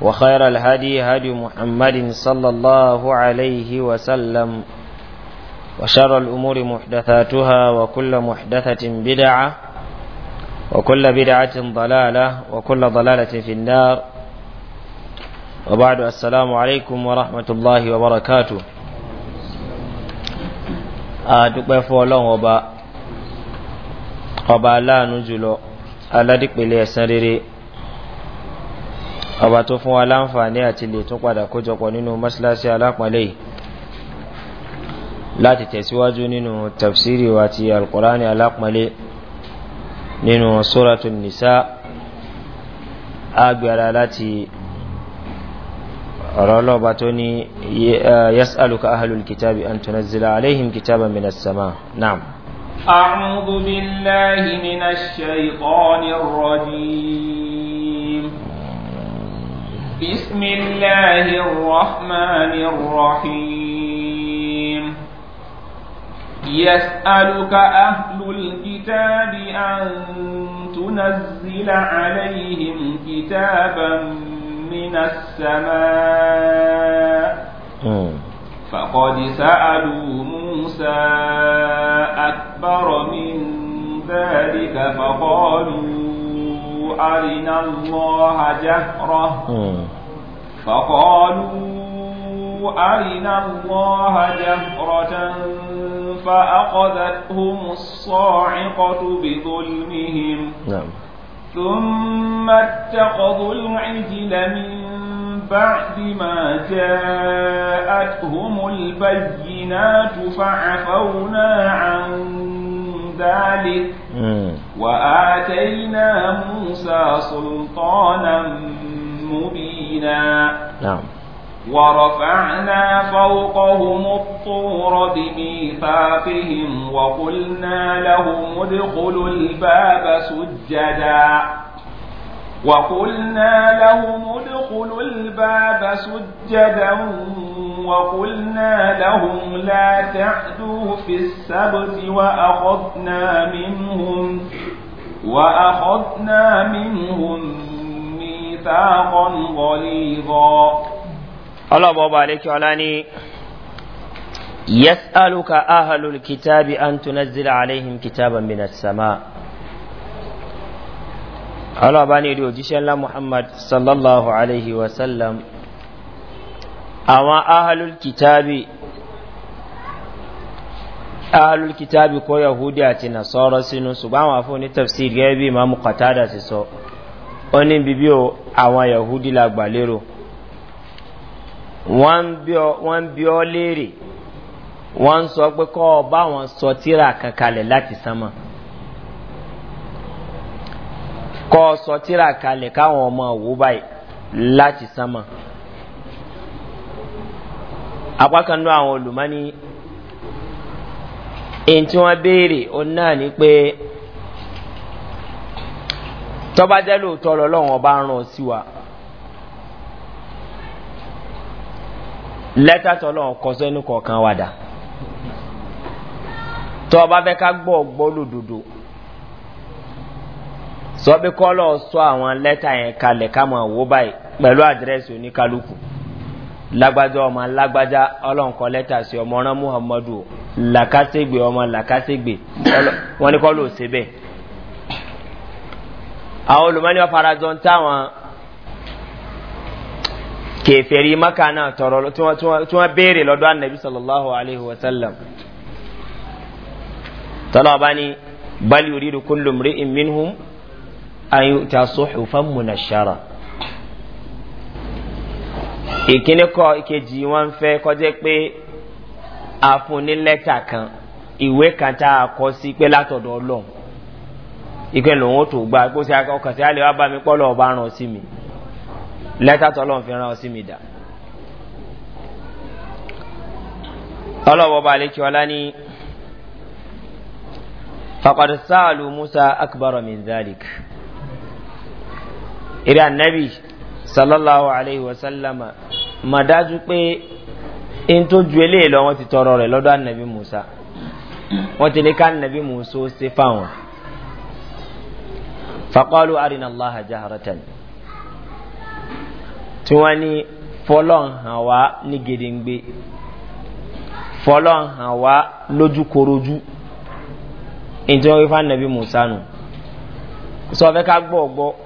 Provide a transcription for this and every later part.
وخير الهدي هدي محمد صلى الله عليه وسلم وشر الأمور محدثاتها وكل محدثة بدعة وكل بدعة ضلالة وكل ضلالة في النار وبعد السلام عليكم ورحمة الله وبركاته أدوك فولون وبا وبا لا نجلو ألا ديك ọba tó fún wa láǹfààní àti lè tún padà kójọpọ̀ nínú mọ́síláṣí alápàlẹ́ láti tẹ̀síwájú nínú tafsiri wa ti alkùránì alápàlẹ́ nínú sóràtún nìsá agbára láti ọ̀rọ̀ ọlọ́ba tó ní yas'aluka ahlul kitabi an tunazzila alaihim kitaban minas sama na'am أعوذ بالله من الشيطان الرجيم بسم الله الرحمن الرحيم يسألك أهل الكتاب أن تنزل عليهم كتابا من السماء فقد سألوا موسى أكبر من ذلك فقالوا أرنا الله جهرة فقالوا أرنا الله جهرة فأخذتهم الصاعقة بظلمهم نعم. ثم اتخذوا العجل من بعد ما جاءتهم البينات فعفونا عن ذلك وآتينا موسى سلطانا مبينا نعم ورفعنا فوقهم الطور بميثاقهم وقلنا لهم ادخلوا الباب سجدا وقلنا لهم ادخلوا الباب سجدا وقلنا لهم لا تعدوا في السبت وأخذنا منهم وأخذنا منهم ميثاقا غليظا الله بابا عليك وعلاني يسألك أهل الكتاب أن تنزل عليهم كتابا من السماء ọlọ́ọ̀bá ní ìrí òjíṣẹ́ ńlá muhammad sallallahu alaihi wasallam àwọn ahalul kitabi ko yahudi àti nasọ́rọ̀ sínú ṣùgbọ́n àwọn afọ́ ní tafsir gẹ́gẹ́ bí imamu qatada ti sọ ó ní bíbí o àwọn yahudi la gbà lérò wọ́n bí ọ léèrè wọ́n sọ pé kọ́ bá wọn sọ tíra kankalẹ̀ láti sánmà kọ́ ọ sọ tíra kalẹ̀ káwọn ọmọ òwú báyìí láti sánmà apákanú àwọn olùmọ́ni èyí tí wọ́n béèrè òun náà ni pé tọ́ba jẹ́ lóòótọ́ lọ́lọ́run ọba ń ràn sí wa lẹ́tà tọ́lọ́run kọ sẹ́nu kọ̀ọ̀kan wàdà tọ́ba fẹ́ ká gbọ́ gbọ́ lòdòdó sọ pé kọ́lọ̀ sọ àwọn lẹ́tà yẹn kalẹ̀ káwọn wò báyìí pẹ̀lú àdírẹ́sì oníkálukú lágbájá ọmọ lágbájá ọlọ́nkọ́ lẹ́tà sí ọmọ ọ̀rán muhammadu làkàṣègbè ọmọ làkàṣègbè wọn ni kọ́lọ̀ ṣe bẹ́ẹ̀. àwọn olùmọ́ni ọ̀farajọ ń táwọn kẹfẹ́rí maka náà tọrọ tí wọ́n béèrè lọ́dọ̀ anabi sallallahu alayhi wa sallam tọ́lọ́ ọba ni bali orí dùkúlùmùrí ìmínhùn. an yu'ta suhufan munashara ìkíní kọ ìkejì wọn fẹ kọjá pé a fún ní lẹ́tà kan ìwé kan tá a kọ sí pé látọ̀dọ̀ ọlọ́run lòun gba ọkàn mi ọba ràn sí mi lẹ́tà tọ́lọ́run fi ràn sí mi dà. ọlọ́wọ́ bá musa akbar eré anabi sallallahu alayhi wa sallama mà dájú pé n tó ju eléyìí lọ wọn ti tọrọ rẹ lọdọ anabi musa wọn ti ní ká anabi musa ó ṣe fáwọn fakọlu arina allaha jaharatan tí wọn ní fọlọ́n hàn wá ní gedengbe fọlọ́n hàn wá lójúkorojú n tí wọn wí musa nù sọ fẹ́ ká gbọ́ gbọ́.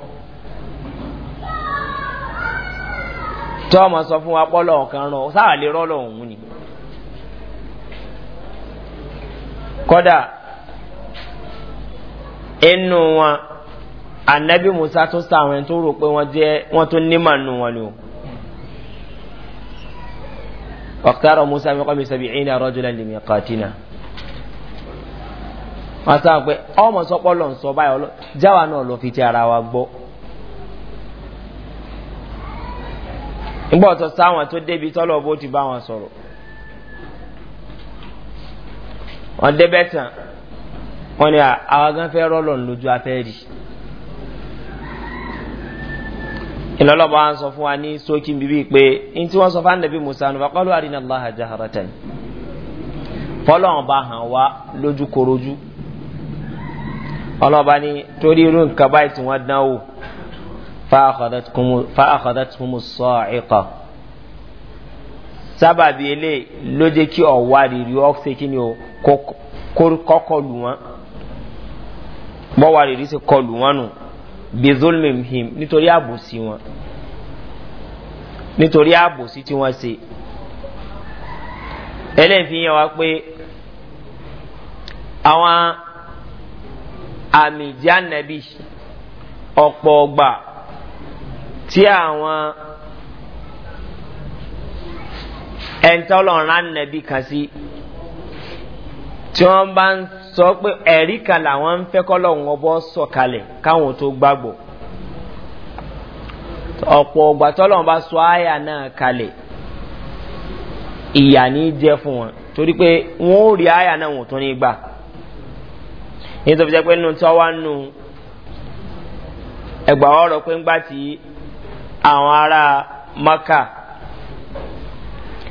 tọ́ ọmọ sọ fún wa pọ́lọ̀ ọ̀kan rán sáà lè wọn anabi musa tó sa ẹni tó rò pé wọ́n jẹ́ wọ́n tó wọn ni o musa mi kọ́ mi sẹ́bi ìnà rọ́jùlá lè mi kàtínà wọ́n sáà pé ọmọ sọ nígbà tó sáwọn tó débi tọ́lọ̀ bó ti bá wọn sọ̀rọ̀ wọ́n débẹ̀ tán wọ́n ní àwọn gan fẹ́ rọ́lọ̀ lójú afẹ́ rí ìlọ́lọ́bọ̀ à ń sọ fún wa ní sókí bíbí pé tí wọ́n sọ fún anabi musa nípa kọ́lù àrínà allah jaharatan fọlọ́n bá hàn wá lójú korojú ọlọ́ba torí irú nǹkan báyìí tí fa'akọ̀dátúmù sọ ẹ̀kọ́ sábàbí ilé ló jẹ́ kí ọ̀wá rírí ọ́fẹ́ kí ni ó kọ́kọlù wọn bọ́wá rírí sí kọlù wọn nù bezolmimhim nítorí àbòsí wọn nítorí àbòsí tí wọ́n se ẹlẹ́yìn fi yẹn wá pé àwọn àmì jẹ́ ànẹ́bí ọ̀pọ̀ ọgbà tí àwọn ẹ̀ńtọ́lọ́run ánàbí kan sí tí wọ́n bá ń sọ pé ẹ̀rí kan làwọn ń fẹ́ kọ́lọ́run ọbọ̀ sọ̀kalẹ̀ káwọn tó gbàgbọ́ ọ̀pọ̀ ọgbà tọ́lọ́run bá sọ àyà náà kalẹ̀ ìyà ní jẹ́ fún wọn torí pé wọ́n ó rí àyà náà wọ́n tó ní gbà nítorí pé nínú tí wọ́n wá nù ẹgbàá ọ̀rọ̀ pé ńgbà tí àwọn ará maka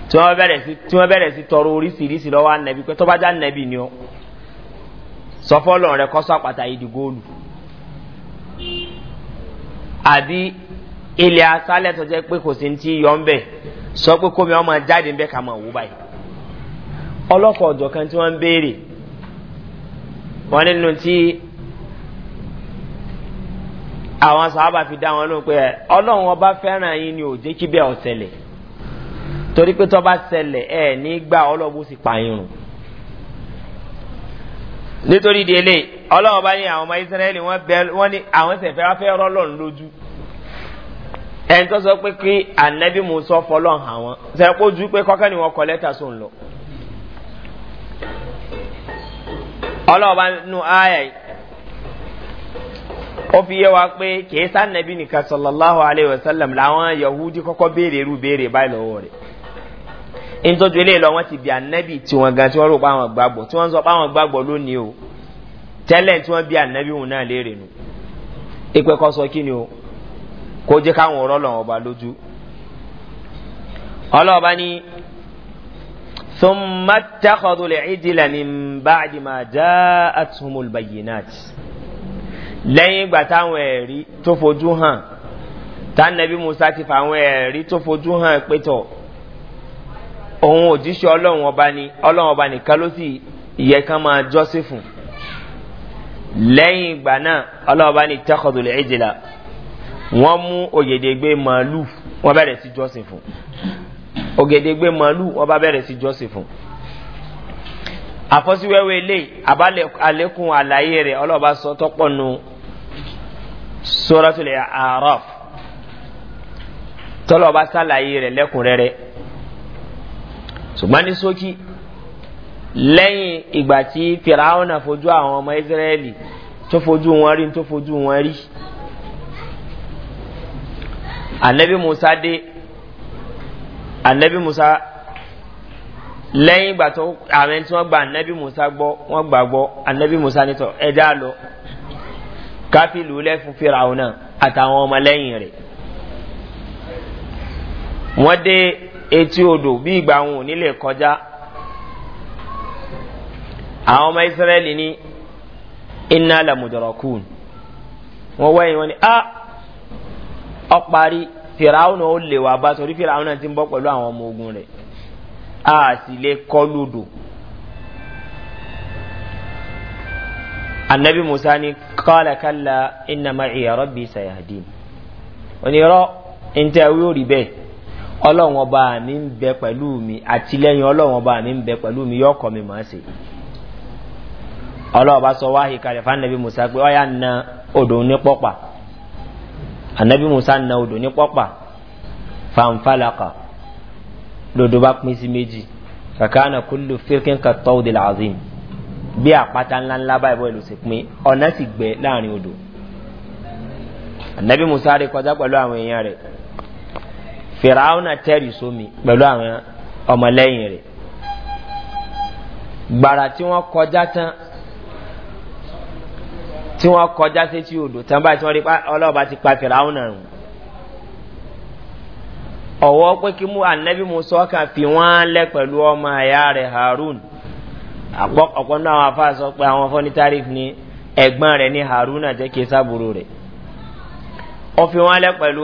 tí wọ́n bẹ̀rẹ̀ sí tọrọ oríṣiríṣi lọ́wọ́ ànẹ́bí pé tó bá já ni ó sọ rẹ kọ́sọ́ àpàtà yìí di góòlù àbí ilẹ̀ asálẹ̀ tó jẹ́ pé kò sí ti yọ ń bẹ̀ sọ pé kómi ọmọ jáde ń bẹ̀ ká mọ̀ wú báyìí ọlọ́kọ̀ àwọn sàábà fi dá wọn lóhùn pé ọlọ́run ọba fẹ́ràn yín ni ò jẹ́ kí bẹ́ẹ̀ ọ̀sẹ̀lẹ̀ torí pé tọ́ba sẹlẹ̀ ẹ̀ nígbà ọlọ́run sì pààyàn rùn. nítorí délé ọlọ́run ọba ní àwọn ọmọ ìsírẹ́lì wọ́n bẹ wọ́n ní àwọn sẹ̀fẹ́ wá fẹ́ rọ́lọ́run lójú. ẹni tó sọ pé kí anabi musa fọlọ́n hàn wọ́n sẹ́yìn kó ju pé kọ́kẹ́ ni wọ́n kọ lẹ́tà sóun lọ. ọlọ́run ọba nù ayẹ̀ ó fi yé wa pé kìí sànàbí nìkan sallallahu alayhi wa sallam làwọn yahudi kọ́kọ́ béèrè irú béèrè báyìí lọ́wọ́ rẹ̀ nítorí eléyìí lọ wọ́n ti bí ànábì tí wọ́n gan tí wọ́n rò pé àwọn gbàgbọ́ tí wọ́n sọ pé àwọn gbàgbọ́ lónìí o tẹ́lẹ̀ tí wọ́n bí ànábì hùn náà léèrè nu ìpè kọ́ sọ kí ni o kó jẹ́ káwọn ọ̀rọ̀ lọ́wọ́ ọba lójú ọlọ́ọ̀bá ni thumma takọ̀dùlẹ̀ ìdílẹ̀ ní báàdì máa lẹ́yìn ìgbà táwọn ẹ̀rí tó fojú hàn tánàbí musa ti fa àwọn ẹ̀rí tó fojú hàn pétọ̀ òun òjíṣẹ́ ọlọ́run ọba ni ọlọ́run ọba nìkan ló sì yẹ kán máa jọ́sí fún lẹ́yìn ìgbà náà ọlọ́run ọba ní tẹ́kọ̀dùlẹ̀ ẹ̀jìlá wọ́n mú òyèdègbè màálù wọ́n bẹ̀rẹ̀ sí jọ́sí fún òyèdègbè màálù wọ́n bẹ̀rẹ̀ sí jọ́sí fún àfọ́síwẹ́wẹ́ ilé àbálẹ̀ àlékún àlàyé rẹ̀ ọlọ́ọ̀bá sọ tọ́pọ̀ nu sóràtúlẹ̀ àárọ̀f tọ́lọ́ọ̀bá sàlàyé rẹ̀ lẹ́kùnrẹ́rẹ́ ṣùgbọ́n ní sókí lẹ́yìn ìgbà tí fìràwọ̀nà fojú àwọn ọmọ ìsírẹ́lì tó fojú wọn rí tó fojú wọn rí ànẹ́bí musa dé ànẹ́bí musa lẹ́yìn ìgbà tó àwọn ẹni tí wọ́n gba anabi musa gbọ́ wọ́n gbà gbọ́ anabi musa nítọ̀ ẹja lọ káfí lulẹ̀ fún firawo náà àtàwọn ọmọ lẹ́yìn rẹ̀ wọ́n dé etí odò bí ìgbà wọn ò nílẹ̀ kọjá àwọn ọmọ israẹli ní iná lamudọ̀rọ̀kùn wọ́n wẹ́yìn wọn ni a ọparí firawo náà ó lè wà bá torí firawo náà ti ń bọ́ pẹ̀lú àwọn ọmọ ogun rẹ̀. a sì lè kọ́ lódò. annabi musa ni kọ́lá kálá iná ma ìyàrá bí sayadi onírọ́ ntẹ awi ò rí bẹ́ẹ̀ ọlọ́wọ́n mi ń bẹ pẹ̀lú mi àtìlẹ́yìn ọlọ́wọ́n bá mi ń bẹ pẹ̀lú mi yọ ọkọ̀ mi máa ṣe ọlọ́wọ́n bá sọ wáhì kalẹ̀ fún annabi musa pé ọ̀yà na odò ní annabi musa na odò ní fanfalaka. lòdò bá pín sí méjì kàkánà kúlù fíkín kàtọ́ òde làzim bí àpáta ńlá ńlá báyìí bọ́ọ̀ ló sì pín ọ̀nà sì gbẹ láàrin odò ànábì musa rí kọjá pẹ̀lú àwọn èèyàn rẹ̀ fìràwọnà tẹ́rì sómi pẹ̀lú àwọn ọmọlẹ́yìn rẹ̀ gbàrà tí wọ́n kọjá tán tí wọ́n kọjá sétí odò tán báyìí tí wọ́n rí ọlọ́ọ̀bá ti pa fìràwọnà rùn ọwọ́ pé kí mú ànẹ́bí musa kan fi wọ́n lẹ́ pẹ̀lú ọmọ harun ọ̀pọ̀ àwọn afá sọ pé àwọn tarif ni ẹ̀gbọ́n rẹ̀ ní harun àti kí sábúrò rẹ̀ ó fi wọ́n lẹ́ pẹ̀lú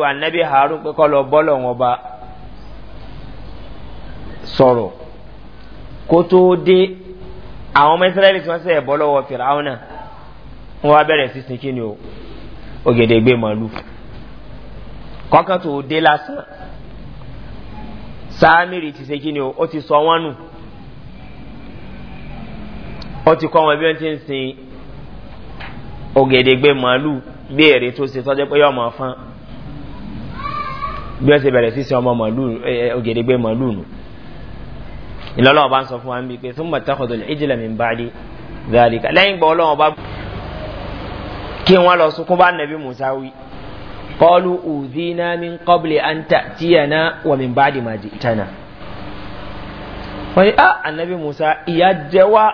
harun pé kọ́ lọ bọ́lọ̀ wọn bá sọ̀rọ̀ kó tó dé àwọn ọmọ israẹli tí wọ́n sẹ̀ bọ́ lọ́wọ́ fìràwọ́nà wọ́n wá bẹ̀rẹ̀ sí o ògèdè gbé màlúù sáàmìrì ti ṣe kí ni ó ti sọ wọn nù ó ti kọ́ wọn bí wọ́n ti ń sin ògèdègbè màálù bí èrè tó ṣe tọ́jú pé yọ ọmọ fán bí wọ́n ṣe bẹ̀rẹ̀ sí sin ọmọ ògèdègbè màálù nù ìlọ́lọ́wọ́ bá ń sọ fún wa ń bí pé fún mọ̀tàkọ̀tò ìjìnlẹ̀ mi bá dé dáadéka lẹ́yìn gbọ́ ọlọ́wọ́ bá kí wọ́n lọ sunkún bá nàbí musa wí. قالوا أوذينا من قبل أن تأتينا ومن بعد ما جئتنا wọ́n ni ah anabi musa ìyá jẹ wá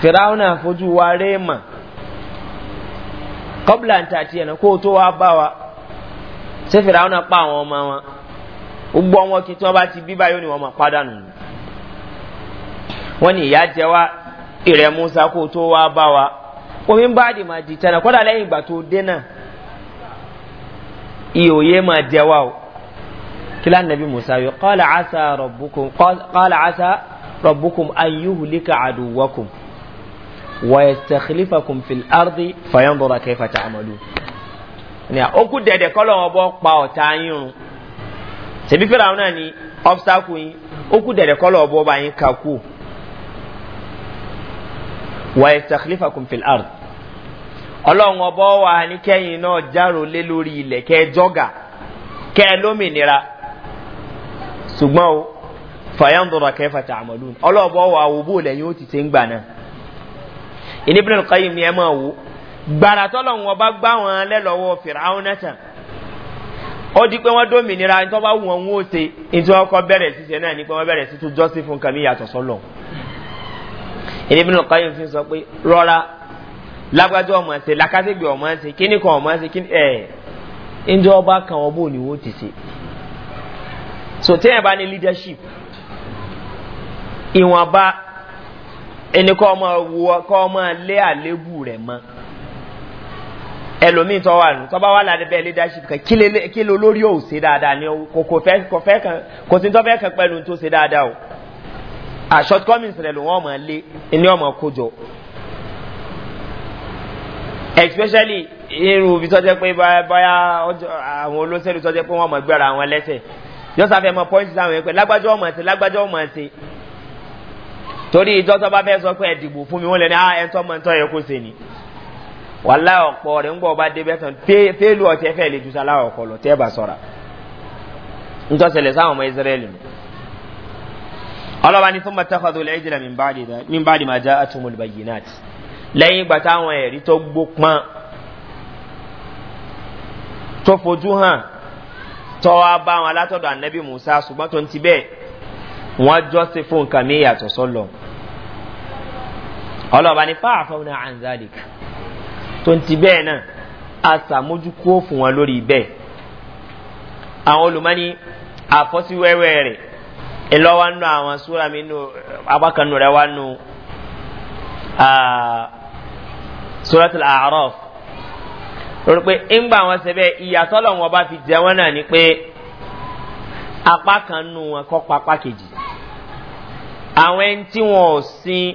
firawuna fojú wa rẹ́ẹ̀mà kọ́bùlà ń tàtí ẹ̀nà kó tó wá bá wa ṣé firawuna pa àwọn ọmọ wọn gbogbo ọmọ kí tí wọ́n bá ti bí báyìí ni wọ́n máa padà nù wọ́n ni ìyá jẹ ìrẹ̀ musa kó tó wá bá wa omi ń bá àdìmọ̀ àdìtẹ̀ náà kọ́dà lẹ́yìn ìgbà tó dé náà iyoye ma jawaw kila nabi musa yo qala asa rabbukum qala asa rabbukum an yuhlika aduwakum wa yastakhlifakum fil ardi fayanzura kayfa ta'malun ni a oku dede kọlọ wọn bọ pa ọta yín run tẹbi fẹrẹ àwọn náà ni obstacle yín oku dede kọlọ wọn bọ bá yín wa yastakhlifakum fil ardi ọlọ́run ọbọ̀ wà ní kẹ́yìn náà járò lé lórí ilẹ̀ kẹ́ jọ́gà lómìnira ṣùgbọ́n o fàyàndọ̀rọ̀ kẹ́ fàtà àmọ́lù ọlọ́ọ̀bọ̀ wà wò bó lẹ́yìn ó ti ṣe ń gbà náà ìníbìnrin nǹkan ni ẹ máa wò gbàrà tọ́lọ́run ọba gbá wọn lẹ́lọ́wọ́ fìràwọn náà ó di pé wọ́n dómìnira ní tó bá wù wọn wọ́n ó ṣe ní tí wọ́n kọ́ rọra lágbájọ ọmọ ẹsẹ làkàtẹ́gbẹ̀ ọmọ ẹsẹ kíní kan ọmọ ẹsẹ kíní ẹ̀ ǹjẹ́ ọba kan wọn bò ní wọ́n ti ṣe so tẹ́yẹ̀ bá ní leadership ìwọ̀nba ẹni kọ́ ọmọ wo kọ́ ọmọ lé àlébù rẹ̀ mọ́ ẹlòmíì tọ́ wà nù tọ́ba wà ládé bẹ́ẹ̀ leadership kan kí ló lórí ò ṣe dáadáa ni kò fẹ́ kò fẹ́ kan kò sí tọ́fẹ́ kan pẹ̀lú tó ṣe dáadáa o a shortcomings rẹ̀ ló wọ́n mọ̀ lé ẹni ọmọ kó jọ. especially Iru bi tó jẹ́ pé báyá àwọn olóṣèlú tó jẹ́ pé wọ́n mọ̀ gbẹ́ra àwọn lẹ́sẹ̀ yóò sáfẹ́ mọ pọ́ìntì sáwọn yẹn lágbájọ́ ọmọ ẹ̀sìn lágbájọ́ ọmọ ẹ̀sìn torí ìjọ tó bá fẹ́ sọ pé ẹ̀dìbò fún mi wọ́n ah, ẹ̀ ni wàhálà ọ̀pọ̀ rẹ̀ ń gbọ́ bá dé bẹ́ẹ̀ tán fẹ́ẹ́lú ọ̀tẹ́ lè ju sálá ọ̀pọ̀ lọ tẹ́ẹ̀ bá sọ̀ra ntọ́sẹ̀lẹ̀ sáwọn ọmọ israẹli nù ọlọ́ba ní fún lẹ́yìn ìgbà táwọn ẹ̀rí tó gbópọn tó fojú hàn tọ́wọ́ bá wọn alátọ̀dọ̀ ànábì musa ṣùgbọ́n tó ń ti bẹ́ẹ̀ wọ́n jọ́sìn fún nǹkan mi yàtọ̀ sọ́lọ̀ ọlọ́ba ní fáàfáwọn náà anzalik tó ń ti bẹ́ẹ̀ náà a sàmójúkúó fún wọn lórí bẹ́ẹ̀ àwọn olùmọ́ni àfọ́síwẹ́wẹ́ rẹ̀ ìlọ́wọ́ nù àwọn súra mi nù abákanù rẹ̀ wá nù suratul araf lórí pé ńgbà wọn ṣe bẹ́ẹ̀ ìyàtọ̀ lọ́wọ́ bá fi jẹ wọn náà ni pé apá kan nù wọn kọ́ pa apá kejì àwọn ẹni tí wọn ò sin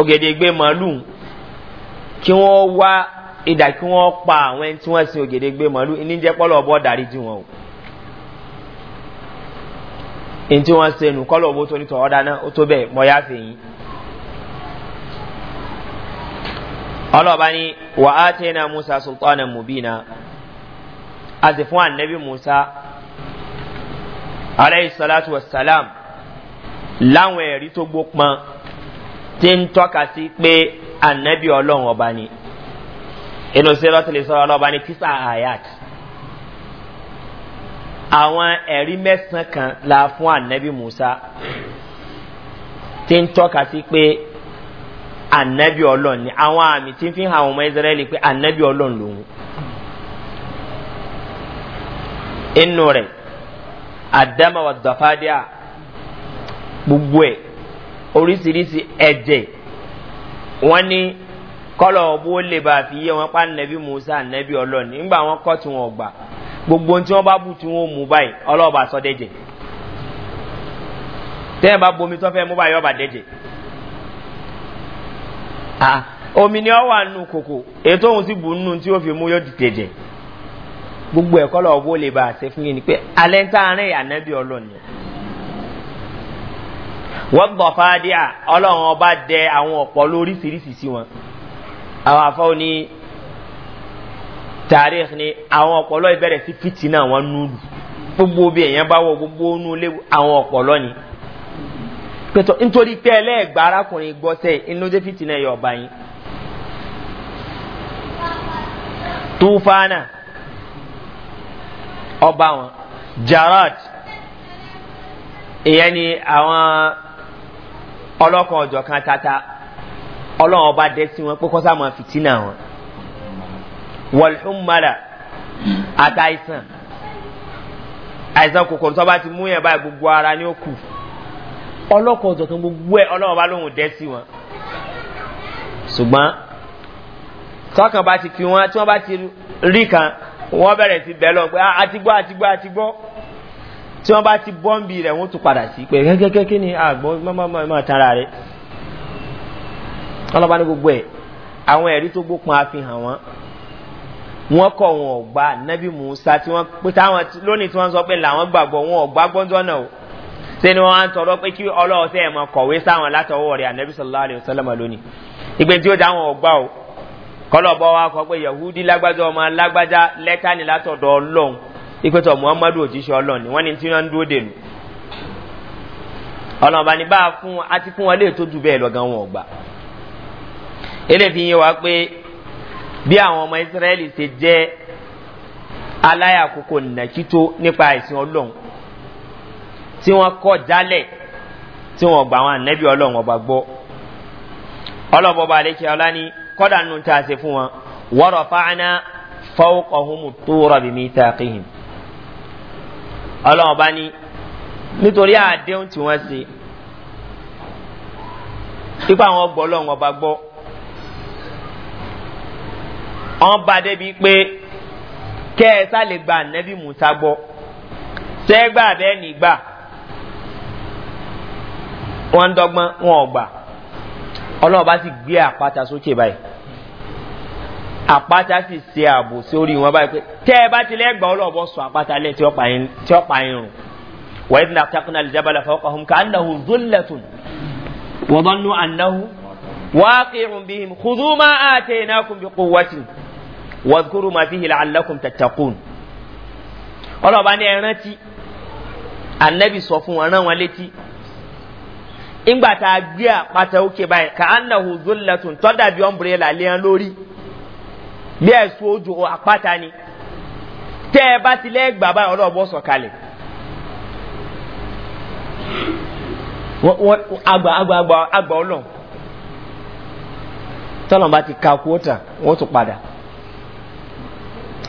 ògèdègbè màálù kí wọ́n wá ìdá kí wọ́n pa àwọn ẹni tí wọ́n sin ògèdègbè màálù níjẹ́ pọ́lọ̀ ọbọ̀ dárí jì wọn o ẹni tí wọ́n ṣe nù kọ́lọ̀ ọbọ̀ tó ní tọ̀ ọ́ dáná ó tó bẹ́ẹ̀ mọ́ yáfẹ́ yìí. ọlọ́ọ̀bá ni wà á tẹ́nà musa sultana mubina a sì fún annabi musa alayhi salatu wa salam láwọn ẹ̀rí tó gbópọn tí ń tọ́ka sí pé annabi ọlọ́run ọba ni inú sẹ́rọ̀ tẹ̀lé sọ́rọ̀ ọlọ́ba ni tísà ayat àwọn ẹ̀rí mẹ́sàn-án kan la fún annabi musa tí ń tọ́ka sí pé anabi ọlọ́run ni àwọn àmì tí ń fi hàn ọmọ israẹli pé anabi ọlọ́run lòun inú rẹ̀ adama wa dọ̀fádìá gbogbo ẹ̀ oríṣiríṣi ẹ̀jẹ̀ wọ́n ní kọ́lọ̀ ọ̀bú ó lè bá fi yé wọn pa anabi musa anabi ọlọ́run nígbà wọn kọ́ tí wọn gbà gbogbo tí wọn bá bù tí wọn mú báyìí ọlọ́ọ̀bà sọdẹ́jẹ̀ tẹ́yìn bá bomi tó fẹ́ mú báyìí ọba dẹ́jẹ̀ omi ni ọ wà nù kòkò ètò òun sì bù nù tí ó fi mú yóò dìde jẹ gbogbo ẹ̀kọ́ lọ wó lè ba àṣẹ fún yín ni pé alẹ́ ń tààrin ànábì ọlọ́ni wọ́n gbọ̀ fàdíà ọlọ́run ọba dẹ àwọn ọ̀pọ̀ lóríṣiríṣi sí wọn àwọn afọ́ ni tàríx ni àwọn ọ̀pọ̀lọ́ ìbẹ̀rẹ̀ sí fìtì náà nù gbogbo bí èèyàn bá wọ gbogbo nù lé àwọn ọ̀pọ̀lọ́ ni pẹ̀tọ́ nítorí pé ẹlẹ́ẹ̀gbà arákùnrin gbọ́sẹ̀ inúdé fìtínà yọ ọba yín tufana ọba wọn jarad ìyẹn ni àwọn ọlọ́kan ọ̀jọ̀ kan tata ọlọ́run ọba dẹ́ sí wọn pé kọ́sá máa fìtínà wọn wọ̀lhúnmọ́ra àtàìsàn àìsàn kòkòrò tó bá ti mú yẹn báyìí gbogbo ara ni ó kù ọlọ́kọ̀ ọ̀jọ̀kan gbogbo ẹ̀ ọlọ́run bá lóhùn dẹ́ sí wọn. ṣùgbọ́n tọ́kàn bá ti fi wọn tí wọ́n bá ti rí kan wọ́n bẹ̀rẹ̀ sí bẹ́ẹ̀ lọ pé àti ah, gbọ́ àti gbọ́ àti gbọ́ tí wọ́n bá ti bọ́ǹbì rẹ̀ wọ́n tún padà sí pé kẹ́kẹ́kẹ́ kí ni àgbọ̀n mọ́mọ́mọ́ tara rẹ̀ ọlọ́ba ní gbogbo ẹ̀ àwọn ẹ̀rí tó gbópọn àfihàn wọn wọn kọ wọn ọgbà nabi musa tí wọn pé táwọn lónìí tí wọn sọ pé làwọn gbàgbọ wọn ọgbà gbọdọ náà o sẹ́ni wọn á ń tọrọ pé kí ọlọ́wọ́ sẹ́yìn mọ kọ̀wé sáwọn látọwọ́ rẹ̀ anabi sallallahu alayhi wa sallam lónìí ìpè tí ó dá wọn ọgbà o kọlọ́bọ wa kọ pé yahudi lágbájá ọmọ lágbájá lẹ́tà ni látọ̀dọ̀ ọlọ́run ìpè tó muhammadu òjíṣẹ́ ọlọ́run ni wọ́n ní tí wọ́n ń dúró dèlù ọlọ́run bá ní bá a fún a ti fún wọn lè tó ju bẹ́ẹ̀ lọ gan wọn ọgbà eléyìí fi yé wa pé bí àwọn ọmọ tí wọ́n kọ́ jálẹ̀ tí wọ́n gbà wọn ànẹ́bí ọlọ́run ọba gbọ́ ọlọ́bọba àlékè ọlá ni kọ́dà nù tá a ṣe fún wọn wọ́rọ̀ fáánà fọ́ọ̀kọ̀húnmù tó rọ̀bì mí tá a kì ọlọ́run ọba ni nítorí àdéhùn tí wọ́n ṣe ipa àwọn gbọ́ ọlọ́run ọba gbọ́ wọ́n bá débi pé kẹ́ ẹ sá lè gba ànẹ́bí mùsá gbọ́ sẹ́gbà bẹ́ẹ̀ nígbà wọ́n ń dọ́gbọ́n wọn ò gbà ọlọ́run bá sì gbé àpáta sókè báyìí àpáta sì ṣe ààbò sórí wọn báyìí pé tẹ́ ẹ bá tilẹ̀ gbà ọlọ́run bọ́ sọ àpáta lẹ̀ tí ó pa yín rùn náà takùnà àlìjábàlà fọkàhùn ká ànáhù zúlẹ̀tùn wọ́n bá nú ànáhù wákìrùn bíi kùdùmá àtẹ ìnákùn bí kúwàtì wọ́n kúrú máa fi hìlà alákùn tàtàkùn ọlọ́run ní ẹrántí ànábì sọ fún wọn rán wọn létí in ba ta biya pata oke bayan ka an na huzun latun to da biyan bure laliyan lori biya su oju o akpata ni te ba ti le gba bayan ọlọ bọ sọ agba agba agba agba ọlọ tọlọ ka kwota wọn tún pada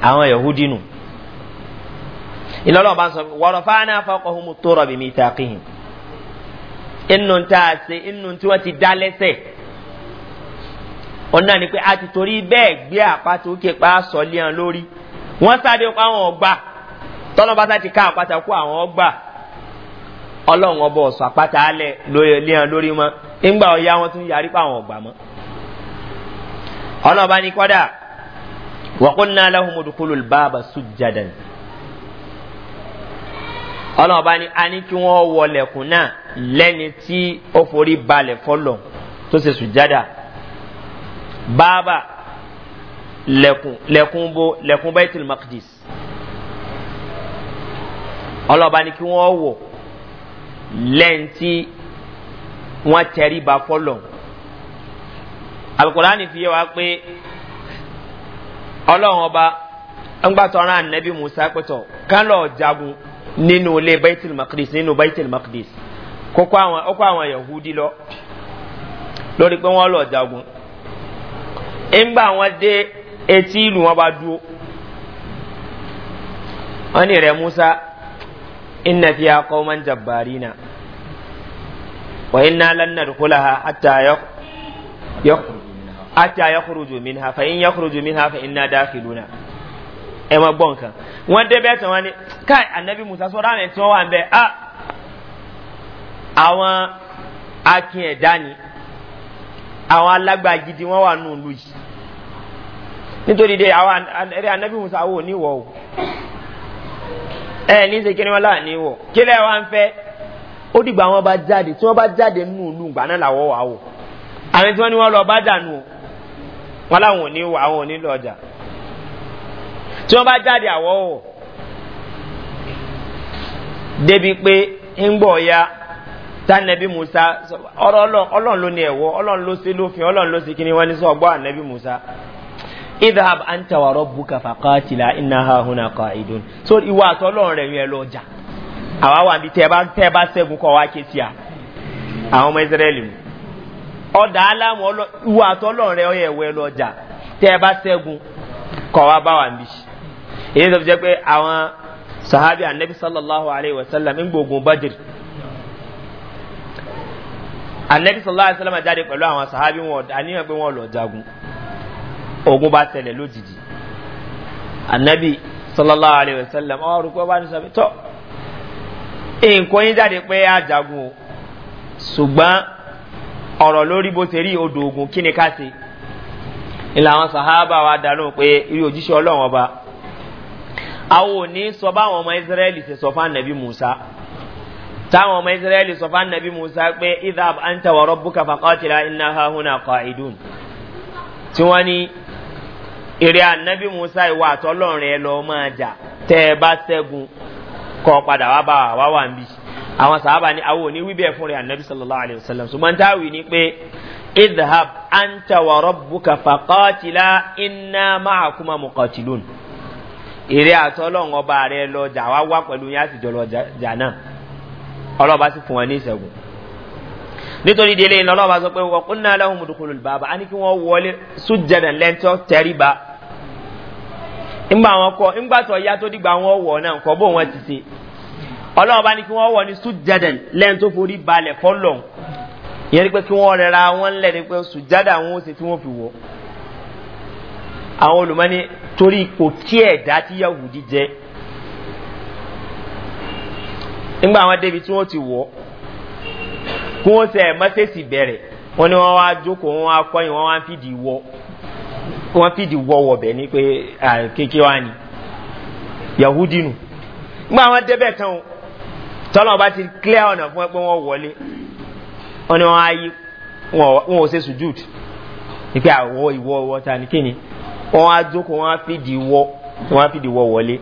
àwọn yahudinu. nu ìlọlọ ba sọ wọlọfà náà fọkọ hùmù tó rọbì mi ta kíhìn. inú tá a ṣe inú tí wọ́n ti dá lẹ́sẹ̀ ọ̀nà ni pé a ti torí bẹ́ẹ̀ gbé àpáta òkè pa sọ̀lẹ́ hàn lórí wọ́n sáré pa àwọn ọgbà tọ́lọ́ba sá ti ká àpáta kó àwọn ọgbà ọlọ́run ọba ọ̀sọ̀ àpáta alẹ̀ lóyè hàn lórí mọ́ nígbà ọ̀ya wọn tún yarí pa àwọn ọgbà mọ́ ọlọ́ba ní kọ́dà wọ́n kún náà lọ́hùn mọ́dúkúlù sùn jáde ní ọlọ́ọ̀bá ni a ní kí wọ́n wọlẹ̀kùn náà lẹ́ni tí ó forí balẹ̀ fọlọ̀ tó ṣe sùjádà báàbà lẹ̀kùn lẹ̀kùn bo lẹ̀kùn baitul makdis ọlọ́ọ̀bá ni kí wọ́n wọ̀ lẹ́ni tí wọ́n tẹ̀rí ba fọlọ̀ àbùkùrá ni fi yẹ wá pé ọlọ́wọ́n ọba ń gbàtọ́ ran anabi musa pẹ̀tọ̀ kálọ̀ jagun nínú ilé baitul maqdis nínú baitul maqdis kókó àwọn ọkọ àwọn yahudi lọ lórí pé wọn lọ jagun ńgbà wọn dé etí ìlú wọn bá dúró wọn ní rẹ musa inna fi akọ man jabarina wa inna lan nadkhulaha hatta hatta yakhruju minha fa in yakhruju minha fa inna dakhiluna ẹ ma gbọ́ nǹkan wọ́n dé bẹ́ẹ̀ tán wọ́n ni káì anabi musa sọ́dọ̀ àwọn ẹ̀tí wọ́n wà ń bẹ́ a ah! àwọn akin ẹ̀dá ni àwọn alágbàgidi wọ́n wà nù lù yìí nítorí de àwọn ẹ̀rẹ́ anabi musa wò ní wọ̀ o ẹ̀ ní ṣe kíni wọn là ní wọ̀ kílẹ̀ wọn fẹ́ ó dìgbà wọn bá jáde tí wọn bá jáde nù lù gbà náà làwọ̀ wà wò àwọn tí wọn ni wọn lọ bá dànù wọn làwọn ò ní wọ àwọn ò ní lọ ọjà. tí wọ́n bá jáde àwọ̀ o débi pé ń gbọ̀ ya tánàbí musa ọ̀rọ̀ ọlọ́run ló ní ẹ̀wọ́ ọlọ́run ló sí lófin ọlọ́run ló sí kí ni ní sọ ọgbọ́ ànábì musa idahab anta buka rabbuka faqatila inna ha idun so ìwà àtọ́lọ́run rẹ̀ yẹn lọ jà àwa wà bí tẹ́ bá tẹ́ bá sẹ́gun kọ́ wá ké sí a àwọn ọmọ israẹli mu ọ̀dà alámù ìwà àtọ́lọ́run rẹ̀ yẹn wẹ́ lọ jà tẹ́ bá sẹ́gun kọ́ wá bá wà níbi. èyí tó fi jẹ́ pé àwọn sahabi anabi sallallahu alayhi wa sallam ń gbógun bajir anabi sallallahu alayhi wa sallam jáde pẹ̀lú àwọn sahabi wọn àníyàn pé wọn lọ jagun ogun bá tẹ̀lẹ̀ lójijì anabi sallallahu alayhi wa sallam ọ̀ rúkọ́ bá ní sọ́bí tọ́ nǹkan yín jáde pé á jagun o ṣùgbọ́n ọ̀rọ̀ lórí bó ṣe rí odò ogun kí ni ká ṣe ìlànà sahaba wa dànù pé irú òjíṣẹ́ ọlọ́run ọba àwọn ò ní sọ báwọn ọmọ israẹli ṣe sọ fún anabi musa táwọn ọmọ israẹli sọ fún anabi musa pé idab anta wa rabbuka faqatila inna ha huna qaidun tí wọ́n ní eré anabi musa ìwà àtọ́lọ́rin ẹ lọ́ọ́ máa jà tẹ́ ẹ bá ṣẹ́gun kọ́ padà wá bá wá wà níbí àwọn sàábà ní àwọn òní wíbẹ̀ fún rẹ̀ anabi sallallahu alayhi wa sallam ṣùgbọ́n táwì ni pé idab anta wa rabbuka faqatila inna ma'akuma muqatilun èrè àtọ́lọ́hún ọba rẹ lọ jà wá wá pẹ̀lú yín àtijọ́ lọ jà náà ọlọ́ba sì fún wọn ní ìṣẹ́gun nítorí délé iná ọlọ́ba sọ pé wọ́n kún náà lọ́hùn mùdùkúlù bàbá á ní kí wọ́n wọlé sójàdà lẹ́ńtọ́ tẹ́ríba ńgbà wọn kọ ńgbà tó ya tó dìgbà wọn wọ̀ náà kọ́ bó wọn ti ṣe ọlọ́ba ní kí wọ́n wọ ní sójàdà lẹ́ńtọ́ forí balẹ̀ fọ́lọ̀ àwọn olùmọ́ni torí ipò tí ẹ̀dá tí yahudi jẹ́ nígbà àwọn débi tí wọ́n ti wọ̀ kí wọ́n sẹ̀ mọ́sẹ̀sì bẹ̀rẹ̀ wọ́n ní wọ́n wá jókòó wọ́n wá kọ́yìn wọ́n wá fìdí wọ́ wọ́n fìdí wọ́ wọ̀bẹ̀ ní pé kékeré wá ni yahudi nù nígbà àwọn débẹ̀ kan o tọ́lọ́wọ́n bá ti clear ọ̀nà fún ẹ pé wọ́n wọlé wọ́n ní wọ́n á yí wọn ò ṣe sùjúùtù ní pé àwọ̀ ìwọ ọ̀wọ́ ta ni kíni wọn á jókòó wọn á fìdí wọ wọn á fìdí wọ wọlé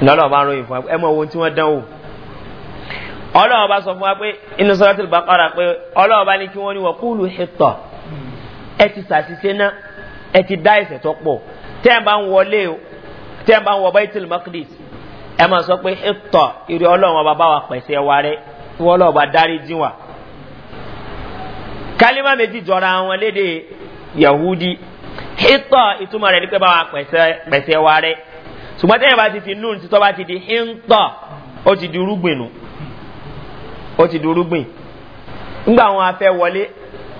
lọ́nà ọba ròyìn fún wa ẹ mọ ohun tí wọ́n dán wò ọlọ́wọ́ bá sọ fún wa pé inú sọ́dọ̀tì bá kọ́ra pé ọlọ́wọ́ bá ní kí wọ́n ní wọ́n kúlù hìtọ̀ ẹ ti sàṣìṣe náà ẹ ti dá ẹsẹ̀ tó pọ̀ tẹ́ ẹ bá ń wọlé o tẹ́ ẹ bá ń wọ baitul makdis ẹ máa sọ pé hìtọ̀ ìrì ọlọ́wọ́ bá bá wa pẹ̀sẹ̀ wa rẹ wọ́n ọlọ́wọ́ bá dárí dín wa. kálímà méjì jọra wọn léde yahudi hitọ ituma rẹ̀ ní pé báwa pẹ̀sẹ̀ wa rẹ̀ ṣùgbọ́n tẹ́yìn bá ti fi nun títọ́ bá ti di hintọ ó ti di irúgbìn nu ó ti di wọn wọlé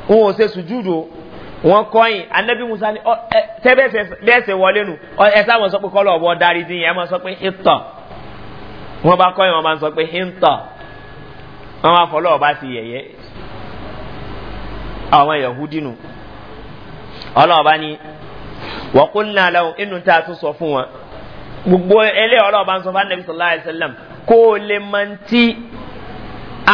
wọn ò ṣe wọn kọyìn anabi musa ni ọ ẹ tẹ́bẹ̀ bẹ́ẹ̀sẹ̀ wọlé nu ọ ẹ sáwọn sọ pé kọ́lọ̀ ọ̀bọ darí dín yẹn ẹ máa sọ pé hitọ wọn bá kọyìn wọn máa sọ pé ọba àwọn yahudi ọlọ́run bá ní wọ́kùn náà lọ́wọ́ inú tá a tún sọ fún wọn gbogbo ẹlẹ́ ọlọ́run bá ń sọ fún anabi sallallahu alayhi wa sallam kó o lè máa ń tí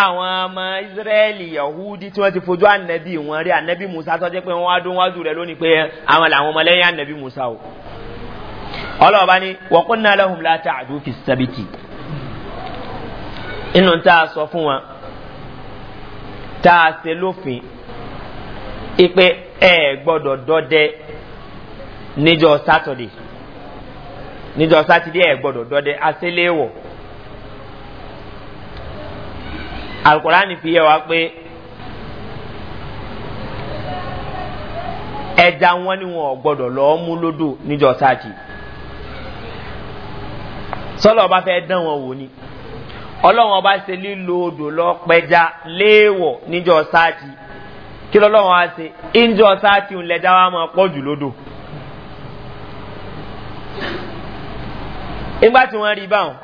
àwọn ọmọ israẹli yahudi tí wọn ti fojú anabi wọn rí anabi musa tó jẹ pé wọn wá dún wájú rẹ lónìí pé àwọn làwọn ọmọlẹ́yìn anabi musa o ọlọ́run bá ní wọ́kùn náà lọ́hùn láti àdúfì sábìtì inú tá a sọ fún wọn tá a ṣe lófin ipe ẹ gbọ́dọ̀ dọ́dẹ níjọ sátọ̀dẹ̀ níjọ sátidé ẹ gbọ́dọ̀ dọ́dẹ aséléwọ̀ alukurani fi yẹ wa pé ẹja wọn ni wọn gbọdọ lọọ mú lódò níjọ sáàtì sọlọ ọba fẹẹ dán wọn wò ni ọlọrun ọba ṣe lílo odò lọ pẹja léèwọ níjọ sáàtì kí lọ́lọ́run á ṣe injọ sáàtì ń lẹ́jà wa máa pọ̀ jù lódò. nígbà tí wọ́n rí báwọn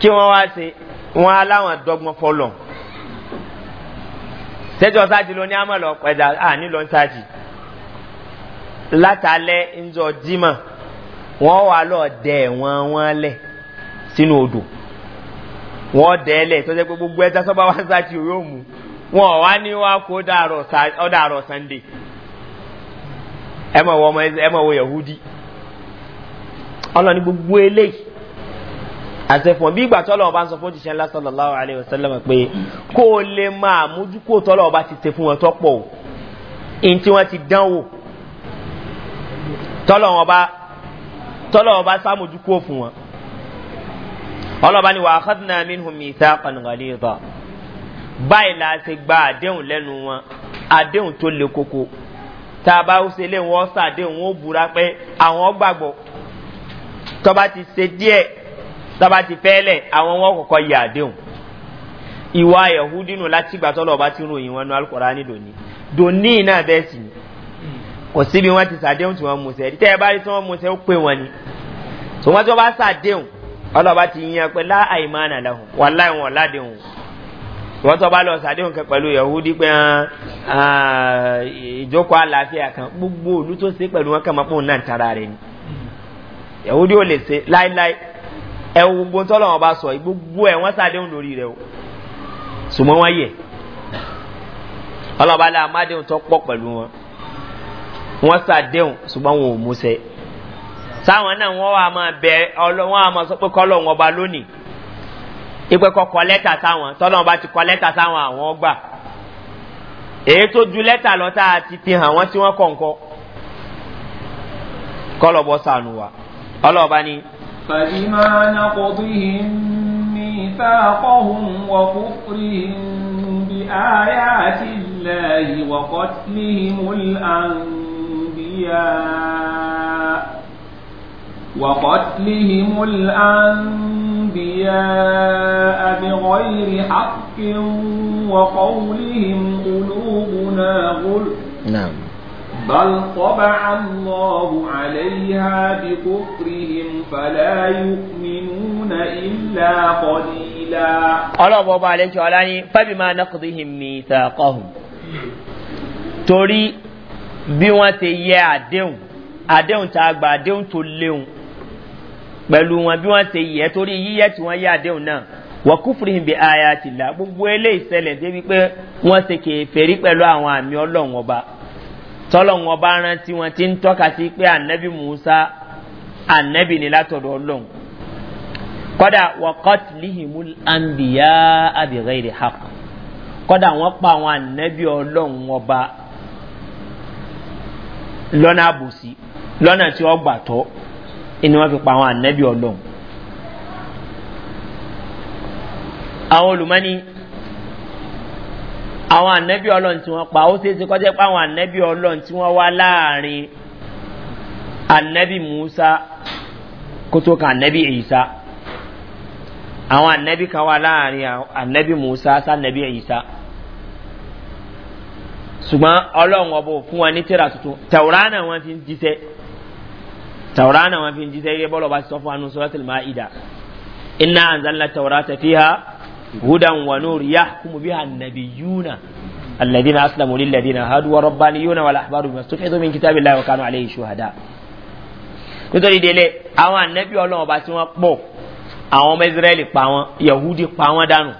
kí wọ́n wá ṣe wọ́n á láwọn dọ́gbọ́n fọlọ́ sẹ́jọ́ sáàtì ló ní àmọ́ lọ pẹ̀dà àní lọ sáàtì látàlẹ́ injọ jimá wọ́n wà lọ́ọ́ dẹ̀ wọ́n wọ́n lẹ̀ sínú odò wọ́n dẹ̀ lẹ̀ tọ́jú pé gbogbo ẹja sọ́ba wá sáàtì yóò mú un wọn wá ní wá kó ọ̀dàrọ̀ sunday ẹ mọ̀ wọ ẹ mọ̀ wọ yahudi ọlọ́ni gbogbo eléyìí àtẹ̀fọ̀n bí ìgbà tọ́lọ̀ ọba ń sọ fún jíṣẹ́ ńlá sọ̀lọ́láwà alẹ́ òsẹ́lẹ̀ mọ̀ pé kó o lè máa mójú kó tọ́lọ̀ ọba ti tẹ fún wọn tọ́pọ̀ o in tí wọ́n ti dán wò tọ́lọ̀ ọba tọ́lọ̀ ọba sámójú fún wọn ọlọ́ba ni wàá kọ́dùnà mí hùmí ìta kànìkànlẹ́ ìtọ́ báyìí la ṣe gba àdéhùn lẹ́nu wọn àdéhùn tó le koko tá a bá ṣe lé wọn ṣàdéhùn wọn ó búra pé àwọn gbàgbọ́ tọ́ba ti ṣe díẹ̀ tọ́ba ti fẹ́lẹ̀ àwọn wọn kọ̀kọ́ yẹ àdéhùn ìwà yahudi nù láti gbà tọ́lọ̀ ọba ti ròyìn wọn nu alukọ̀rá ní dòní dòní náà bẹ́ẹ̀ sì ni kò síbi wọn ti ṣàdéhùn tí wọn mú sẹ́ tẹ́ ẹ bá rí tí wọn mú sẹ́ ó pé wọn ni tí wọn tí wọn bá ṣàdéhùn ọlọ́ba ti yíyan pé láàyè máa nà lẹ́hùn wàláì wọn ládéhùn wọ́n tọ́ bá lọ sàdéhùn kan pẹ̀lú yahudi pé ah, ah, ìjókòó àlàáfíà kan gbogbo òlu tó ṣe pẹ̀lú wọn kàn máa náà tara rẹ̀ ni yahudi ò lè ṣe láéláé ẹ wo gbogbo tọ́lọ̀ wọn bá sọ gbogbo ẹ̀ wọ́n sàdéhùn lórí rẹ̀ o sùmọ́ wọn yẹ ọlọ́ba la amádéhùn tó pọ̀ pẹ̀lú wọn wọ́n sàdéhùn ṣùgbọ́n wọn ò múṣẹ́ sáwọn náà wọ́n wà máa bẹ ọlọ́wọ́n àmọ́ sọ pé kọ́lọ́ wọn ba lónìí ipe kọ kọ lẹ́tà sáwọn tọ́lọ́n bá ti kọ lẹ́tà sáwọn àwọn gbà èyí tó ju lẹ́tà lọ tá a ti fi hàn wọ́n tí wọ́n kọ̀ ńkọ́ kọ́lọ̀bọ sànù wa ọlọ́ọ̀bá ni. fàdímà nàkọ́dúhìn mi fàkọ́hùn wọ́kùnrin bí ayá ti lẹ́yìn wọ́kọ́tìlì múlàǹbíyà. وقتلهم الأنبياء بغير حق وقولهم قلوبنا غلف نعم بل طبع الله عليها بكفرهم فلا يؤمنون إلا قليلا الله بابا عليك وعلاني فبما نقضهم ميثاقهم تري bí wọ́n ti yẹ àdéhùn àdéhùn tá pẹ̀lú wọn bí wọ́n ṣe yẹ torí yíyẹ tí wọ́n yá àdéhùn náà wọ́n kúfùrù hìn bí aya ti là gbogbo eléyìí ṣẹlẹ̀ débi pé wọ́n ṣe kèéfèrí pẹ̀lú àwọn àmì ọlọ́run ọba tọ́lọ́run ọba rántí wọn ti ń tọ́ka sí pé ànábì musa ànábì ni látọ̀dọ̀ ọlọ́run kọ́dà wọ́n kọ́tì líhìmú àǹbìyá àbìrẹ́ ìrẹ̀ hàp kọ́dà wọ́n pa àwọn ànábì ọlọ́run ọba lọ́nà àbòsí lọ́nà tí wọ́n gbà tọ́ ni wọ́n fi pa àwọn ànábì ọlọ́run àwọn olùmọ́ni àwọn ànábì ọlọ́run tí wọ́n pa ó ṣeé ṣe kọjá pé àwọn ànábì ọlọ́run tí wọ́n wá láàrin ànábì musa kó tó kan ànábì èyíṣà àwọn ànábì kan wá láàrin ànábì musa sànábì èyíṣà ṣùgbọ́n ọlọ́run ọ̀bọ̀ fún wọn ní tíra tuntun tẹ̀wúrán náà wọ́n fi ń jíṣẹ́ taura na mafi ji sai ya bala ba su sofa annu suratul ma'ida inna anzalna taurata fiha hudan wa nur yahkumu biha annabiyuna alladhina aslamu lil ladina hadu wa rabbaniyuna wal ahbaru bima stufidu min kitabillahi wa kanu alayhi shuhada nítorí délé àwọn ànábì ọlọ́run ọba tí wọ́n pọ̀ àwọn ọmọ israẹli pa wọn yahudi pa wọn dànù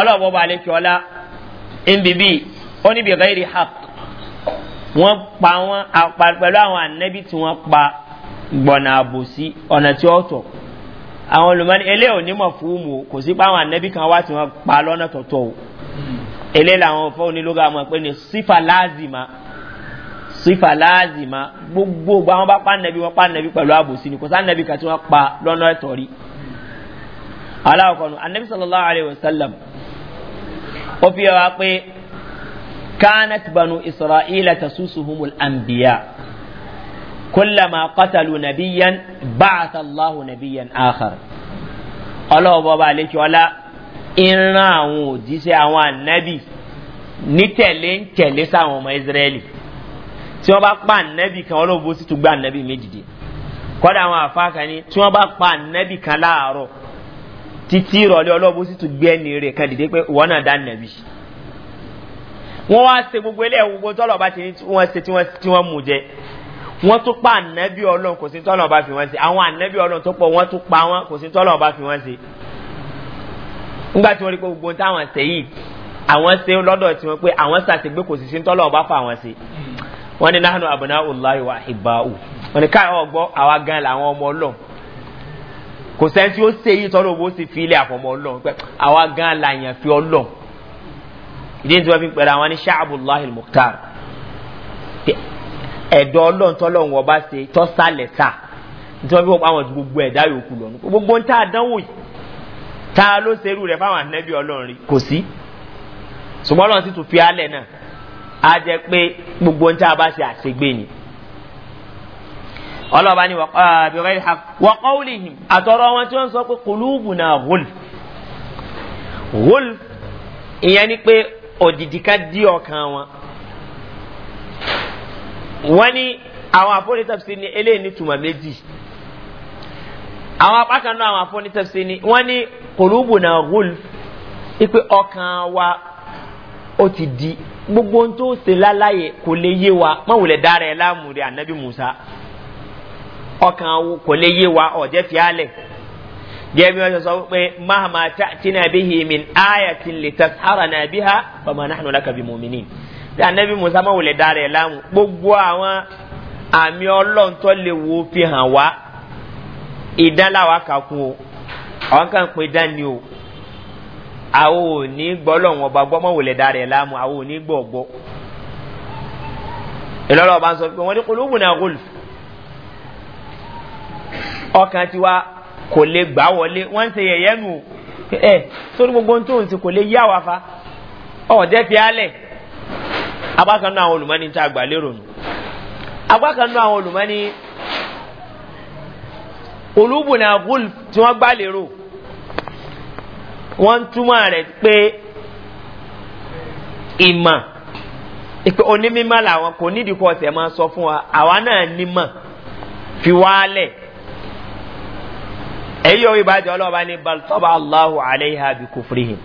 ọlọ́ọ̀bọ̀ balẹ̀ kí ọlá ń bíbí ó níbi gáírì hàp wọ́n pa wọ́n pẹ̀lú àwọn ànẹ́bí tí wọ́n pa gbọ̀nà àbòsí ọ̀nà tí ó tọ̀ àwọn olùmọ́ni eléyìí ò ní mọ̀ fún mu kò sí pé àwọn ànẹ́bí kan wá tí wọ́n pa lọ́nà tọ̀tọ̀ o eléyìí làwọn fọ́ onílógún àwọn pé ní sífà láàzìmá sífà láàzìmá gbogbo àwọn bá pa ànẹ́bí wọ́n pa ànẹ́bí pẹ̀lú àbòsí ni kò sí ànẹ́bí kan tí wọ́n pa lọ́nà ẹ̀tọ́ rí aláwọ̀ kan ànẹ́bí sọ̀rọ̀ láàrin كانت بنو إسرائيل تسوسهم الأنبياء كلما قتلوا نبيا بعث الله نبيا آخر الله بابا عليك ولا إن راهو جيسي عوان نبي nítẹ̀lé ń tẹ̀lé sáwọn ọmọ israẹli tí wọ́n bá pa ànábì kan ọlọ́wọ́ sì tún gbá ànábì méjì dé kọ́dà àwọn àfáàkà ni tí wọ́n bá pa ànábì kan láàárọ̀ títí ìrọ̀lẹ́ ọlọ́wọ́ sì tún gbé rẹ̀ kan dìde pé wọ́n náà dá ànábì wọ́n wá se gbogbo ilé ẹ̀wùgbọ́ tọ́lọ̀ bá ti ní wọ́n se tí wọ́n mú jẹ wọ́n tún pa ànábì ọlọ́run kò sí tọ́lọ̀ bá fi wọ́n se àwọn ànábì ọlọ́run tó pọ̀ wọ́n tún pa wọ́n kò sí tọ́lọ̀ bá fi wọ́n se nígbà tí wọ́n rí pé gbogbo táwọn ṣe yìí àwọn ṣe lọ́dọ̀ tí wọ́n pé àwọn ṣàṣegbé kò sì sí tọ́lọ̀ bá fà wọ́n se wọ́n ní nahanu abuna ulayi wa ibahu wọ́n ní káyọ̀ ọgbọ́ àwa gan làwọn ọmọ ọlọ́run kò sẹ́ni tí ó ṣe yìí tọ́lọ̀ bó sì fi ilé àfọmọ́ ọlọ́run àwa gan làyàn fi ọlọ́run ìdí tí wọn fi ń pẹ̀lú àwọn ní sha'abulahi mukhtar ẹ̀dọ́ ọlọ́ntọ́lọ́ wọn bá ṣe tọ́sálẹ̀ sá tí wọn fi wọ́n pa àwọn gbogbo ẹ̀dá yòókù lọ́nu gbogbo ń tá a dánwò yìí tá a ló ṣerú rẹ̀ fáwọn ànábì ọlọ́run rí kò sí ṣùgbọ́n ọlọ́run sì tún fi alẹ̀ náà á jẹ́ pé gbogbo ń tá bá ṣe àṣegbè ni ọlọ́ba ni wọ́kọ́wùlìhìn àtọ́rọ wọn tí wọ́n sọ pé kùlùbù náà wọ́lf ìyẹn ni pé òdìdí ká dí ọkàn wọn. wọ́n ní àwọn àfọ́nitẹ́sí ni eléyìí ní tùmọ̀ méjì àwọn apákan náà àwọn afọ́nitẹ́sí ni wọ́n ní kòlúbù náà gúlù ipe ọkàn wa ó ti di gbogbo ohun tó ṣe kò lè yé wa mọ̀wùlẹ̀ dára ẹ̀ láàmú rẹ̀ ànábì musa ọkàn kò lè yé wa ọ̀jẹ̀ fìálẹ̀ gẹ́gẹ́ wọ́n sọ pé mahama ta tina bihi min ayatin li tasharana biha fama nahnu laka bi muminin tí anabi musa máa wòlé dára ẹ̀ láàmú gbogbo àwọn àmì ọlọ́ntọ́ lè wo fi hàn wá ìdánláwa kakún o àwọn kan pè dání o àwọn ò ní gbọ́ lọ́wọ́n ọba gbọ́ máa wòlé dára ẹ̀ àwọn ò ní gbọ́ gbọ́ ìlọ́lọ́ ọba sọ pé wọ́n ní kólóògùn náà gólf ọkàn tiwa kò lè gbà wọlé wọ́n ń ṣe yẹ̀yẹ́ nù ẹ̀ sórí gbogbo tó ń ṣe kò lè yá wa fa ọ̀jẹ́ fi álẹ̀ abákanú àwọn olùmọ́ni tá a gbà lérò nù abákanú àwọn olùmọ́ni olúbùnà gúl tí wọ́n gbà lérò wọ́n ń túmọ̀ rẹ̀ pé ìmọ̀ ìpè onímọ̀ làwọn kò nídìí kọ́ ọ̀sẹ̀ máa sọ fún wa àwa náà nímọ̀ fi wálẹ̀ èyí yóò bá jẹ́ ọlọ́ọ̀bá ní baltọ́ba allahu alayha bi kufrihi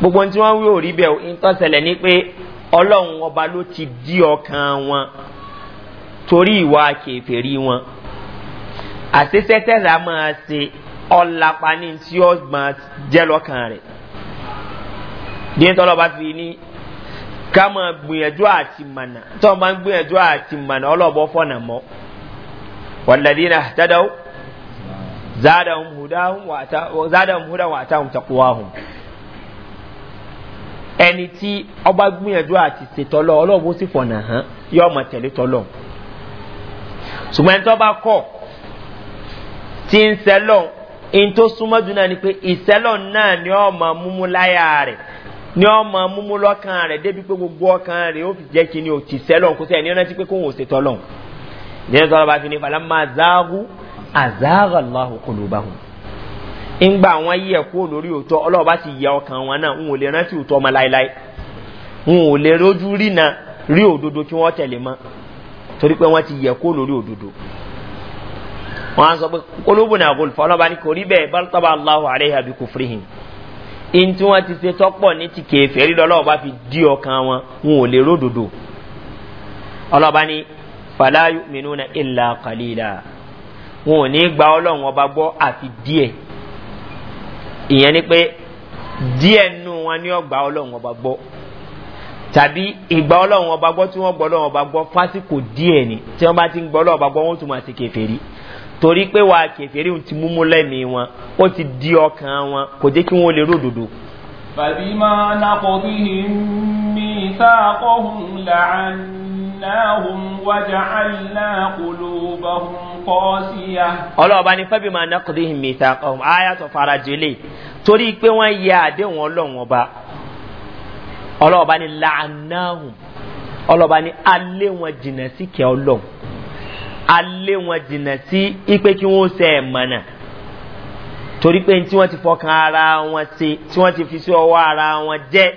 gbogbo tí wọ́n wí òrí bẹ́ẹ̀ ìtọ́sẹ̀lẹ̀ ni pé ọlọ́run ọba ló ti di ọkàn wọn torí ìwà kẹfẹ́rí wọn àṣìṣe tẹ̀sà máa ṣe ọ̀làpá ní tí ó máa jẹ́ lọ́kàn rẹ̀ díẹ̀ tọ́lọ́ba fi ní ká máa gbìyànjú àti mànà tọ́ máa gbìyànjú àti mànà ọlọ́ọ̀bọ fọ̀nà mọ́ wàlladí náà zadahum hudahum wa ata zadahum hudan wa atahum taqwahum ẹni tí ọba gbìyànjú àti ṣètọ́lọ́ ọlọ́run ó sì fọ̀nà hàn yọ ọmọ tẹ̀lé tọ́lọ́ ṣùgbọ́n ẹni tó bá kọ̀ tí ń sẹ́lọ̀ ẹni tó súnmọ́ jù náà ni pé ìsẹ́lọ̀ náà ni ọmọ múmú láyà rẹ̀ ni ọmọ múmú lọ́kàn rẹ̀ débi pé gbogbo ọkàn rẹ̀ ó fi jẹ́ kí ni ò ti sẹ́lọ̀ kó sẹ́yìn ní ọ̀nà tí pé kóhùn ò ṣètọ́lọ́ ìdílé tọ́lọ́ bá fi ní falamma záhù azaga allah qulubahum ngba wọn yẹ yi lórí òótọ́ ọlọ́ọ̀bá sì yẹ ọkàn wọn náà o le lè rántí ma lai lai n ò na rí ododo ki won tele mọ́ tori pe won ti yẹ kó lórí òdodo wọn á sọ pé olóbù náà gòlùfọ́ ni kò bẹ́ẹ̀ bálùtọ́ba aláhùn àríyá bí kò in tí wọ́n ti ṣe tọ́pọ̀ ní ti rí lọ́lọ́ọ̀bá fi wọn ò ní gba ọlọ́run ọba gbọ́ àfi díẹ̀ ìyẹn ni pé díẹ̀ nù wọn ní ọgbà ọlọ́run ọba gbọ́ tàbí ìgbà ọlọ́run ọba gbọ́ tí wọ́n gbọ́ ọlọ́run ọba gbọ́ fásitì díẹ̀ ni tí wọ́n bá ti gbọ́ ọlọ́run ọba gbọ́ wọ́n tún máa ti kẹfẹ́rí torí pé wàá kẹfẹ́rí ti múmú lẹ́mìí wọn ó ti di ọkàn wọn kò jẹ́ kí wọ́n lè ródòdó. bàbímọ nàkọ́bíhìn mi sáàkọ́hùn làánàhùn wájà àlìlá kòlóbàhùn kọ́síyà. ọlọ́ọ̀bá ní fẹ́bi máa ná kọ́dí hìn mìta ọ̀hún ayé àtọ̀ farajìlẹ̀ torí pé wọ́n yẹ àdéhùn ọlọ́wọ́n ọba ọlọ́ọ̀bá ní làánáhùn ọlọ́ọ̀bá ni alé wọn jìnnà sí kẹ́ ọlọ́wọ́n alé wọn jìnnà sí ipe kí wọ́n sẹ́ ẹ̀ mọ̀nà torí pé tí wọ́n ti fọkàn ara wọn ṣe tí wọ́n ti fi sí ọwọ́ ara wọn jẹ́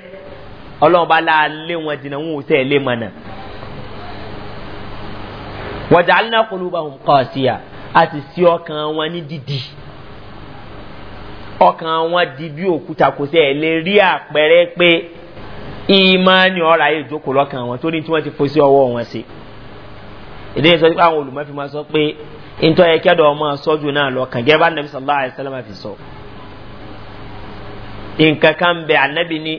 ọlọ́ọ̀bá láà lé wọn jìnnà wọn ò sẹ́ ẹ̀ lé mọ̀nà wàjàlínà kọlùbàhùn kọ́ọ̀síyà a sì sí ọkàn wọn ní dídì ọkàn wọn di bí òkúta kò sẹ́ ẹ̀ lè rí àpẹẹrẹ pé ìmánì ọ̀rọ̀ ayé ìjókòó lọ́kàn wọn tó ní tí wọ́n ti fo sí ọwọ́ wọn sí ìdí yẹn sọ pé àwọn olùmọ̀fin máa sọ pé ntọ́ yẹ kẹ́dọ̀ ọmọ sọ́jú náà lọ́kàn gẹ́gẹ́ bá nàbí sọ̀lá àìsàlám àfi sọ. nǹkan bẹ ànábì ní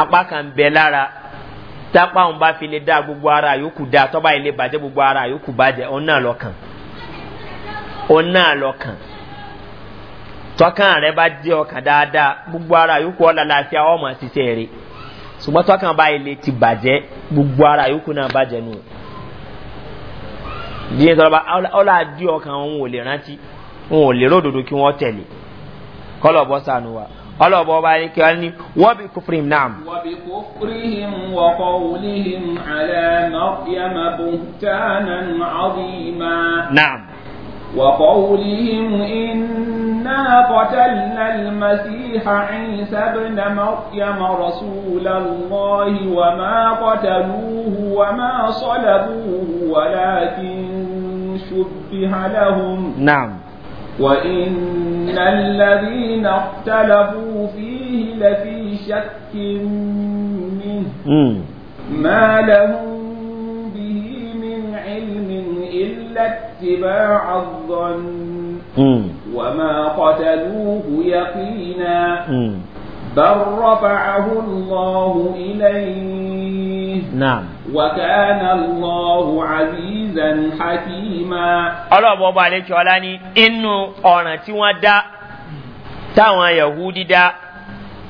apá kan bẹ lára tápá òun bá fi lè dá gbogbo ara yòókù dá tọ́ba ilé bàjẹ́ gbogbo ara yòókù bàjẹ́ òun náà lọ́kàn òun náà lọ́kàn tọ́kàn rẹ bá jẹ́ ọkàn dáadáa gbogbo ara yòókù ọ̀la láàfíà ọmọ ṣiṣẹ́ rẹ ṣùgbọ́n tọ́kàn bá ti bàjẹ́ gbogbo ara yòókù náà bàjẹ́ nù. díẹ̀ tọ́lá ọ̀la àdí ọkàn òun ò lè rántí òun ò ọlọ́ọ̀bọ̀ ọba yìí kí wọ́n ní wọ́n bí kúfúrìm náà. wọ́n bí kúfúrìm wọ́kọ̀ wùlíhìm alẹ́ mọ́kìyàmà bùntánà ọ̀dìmá. náà. وقولهم إنا قتلنا المسيح عيسى ابن مريم رسول الله وما قتلوه وما صلبوه ولكن شبه لهم نعم وإن الذين اختلفوا فيه لفي شك منه ما لهم به من علم إلا اتباع الظن وما قتلوه يقينا بل رفعه الله إليه نعم وكان الله عزيزا حكيما الله بابا عليك ولاني إنه أنا تيوادا تاوان يهودي دا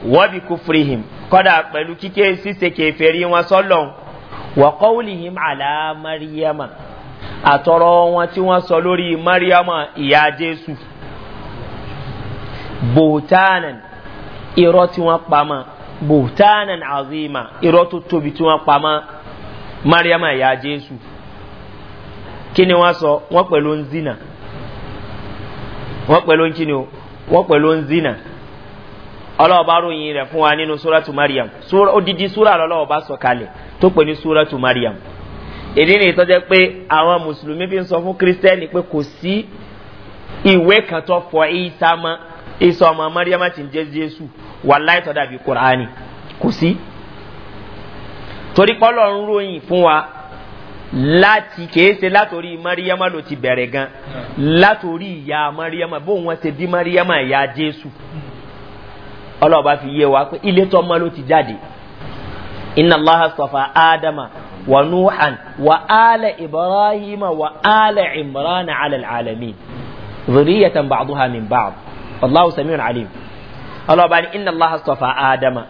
وبي كفرهم قد pẹ̀lú kíké síse kẹfẹ́rí wọn sọ́lọ́n wọ́kọ́wùlìhìm àlá mariama àtọ̀rọ̀ wọn tí wọ́n sọ lórí mariama ìyá jésù bòtánàn irọ́ tí wọ́n pamọ́ buhtanan azima irọ́ tó tóbi tí wọ́n pamọ́ mariam ẹ̀yà jésù kí ni wọ́n sọ wọ́n pẹ̀lú ń zina wọ́n pẹ̀lú ń o wọ́n pẹ̀lú ń zina ọlọ́ọ̀bá ròyìn rẹ̀ fún wa nínú suratu mariam odidi sura lọ́lọ́ọ̀bá sọ kalẹ̀ tó pè ní suratu mariam èdè ní ìtọ́jẹ́ pé àwọn mùsùlùmí fi ń sọ fún kírísítẹ́nì pé kò sí ìwé kan fọ isa ọmọ mariam ti ń jẹ́ jésù wàláì tọ́ dàbí kùránì kò sí torí pọ́lọ̀ ń ròyìn fún wa láti kèése látòrí mariam ló ti bẹ̀rẹ̀ gan látòrí ìyá mariam bó wọn ṣe bí mariam ìyá jésù ọlọ́ọ̀bá fi yé wa pé ilé tọ́mọ ló ti jáde inna allaha sọfà ádámà wa nuhan wa ala ibrahima wa ala imran ala alalami zuriyatan ba'duha min ba'd allahu samiun alim ọlọ́ọ̀bá ní iná allah sọ̀fà ádámà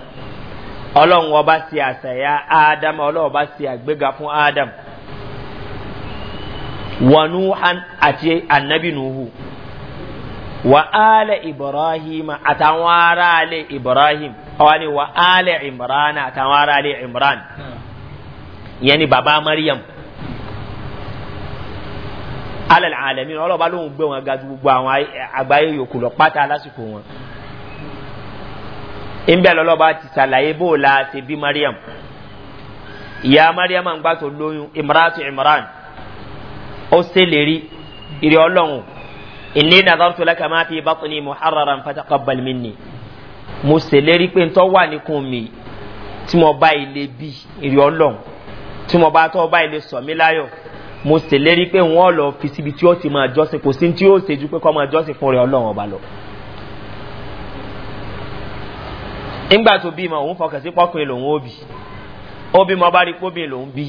ọlọ́run ọba sí àṣàyà ádámà ọlọ́ọ̀bá sí àgbéga fún ádámà wanuhan àti annabi nuhu wa ala ibrahim àtàwọn ará alẹ́ ibrahim ọwọ́ ni wa ala imran àtàwọn ará alẹ́ imran hmm. yẹn ni baba maryam alẹ́ àlẹ́mí ọlọ́ba ló ń gbé wọn ga ju gbogbo àwọn àgbáyé yòókù lọ pátá lásìkò wọn. ńbẹ́ lọ́lọ́ba ti ṣàlàyé bó o la ṣe bí mariam ìyá mariam ń gbà tó lóyún imratu imran ó ṣèlérí ìrẹ́ ọlọ́run ìní nàdọ́tò lẹ́ka máa fi bá tóní fatakọ balmini mo ṣèlérí pé ntọ́ wà níkùn mi tí mo bá ilé bí ìrẹ́ ọlọ́run tí mo bá tọ́ bá ilé sọ̀mí láyọ̀ mo ṣèlérí pé wọ́n lọ fi síbi tí ó ti máa jọ́sìn kò sí tí ó ṣe ju pé kọ́ máa jọ́sìn fún rẹ̀ ọlọ́run ọba lọ. nígbà tó bímọ òun fọkàn sí pọkùnrin lòun ó bì ó bímọ bá rí póbìnrin lòun bí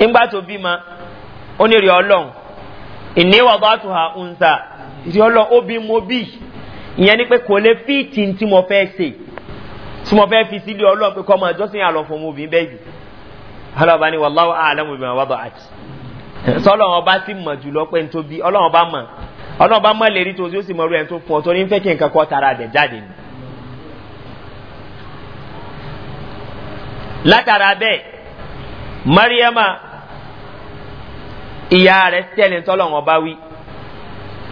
nígbà tó bímọ ó ní rí ọlọ́run ìníwọ̀ bá tún ha ń sà rí ọlọ́run ó bí mo bí ìyẹn ni pé kò lè fíìtì tí mo fẹ́ ṣe tí mo fẹ́ fi sílé ọlọ́run pé kọ́ máa jọ́sìn àlọ́ fún mi obìnrin ọlọ́ọ̀bá ni wàláwù àlẹ́mú ìbẹ̀rẹ̀ wàbọ̀ ati. sọlọ́wọ́n bá sì mọ̀ jùlọ pé ntóbi ọlọ́wọ́n bá mọ̀ ọlọ́wọ́n bá mọ̀ lérí tó o sì mọ̀ rú ẹ̀ tó fún ọ tó ní fẹ́ kí nǹkan kọ́ tara rẹ̀ jáde ni. látara bẹ́ẹ̀ mariama ìyá rẹ̀ tẹ̀lé tọ́lọ́wọ́n bá wí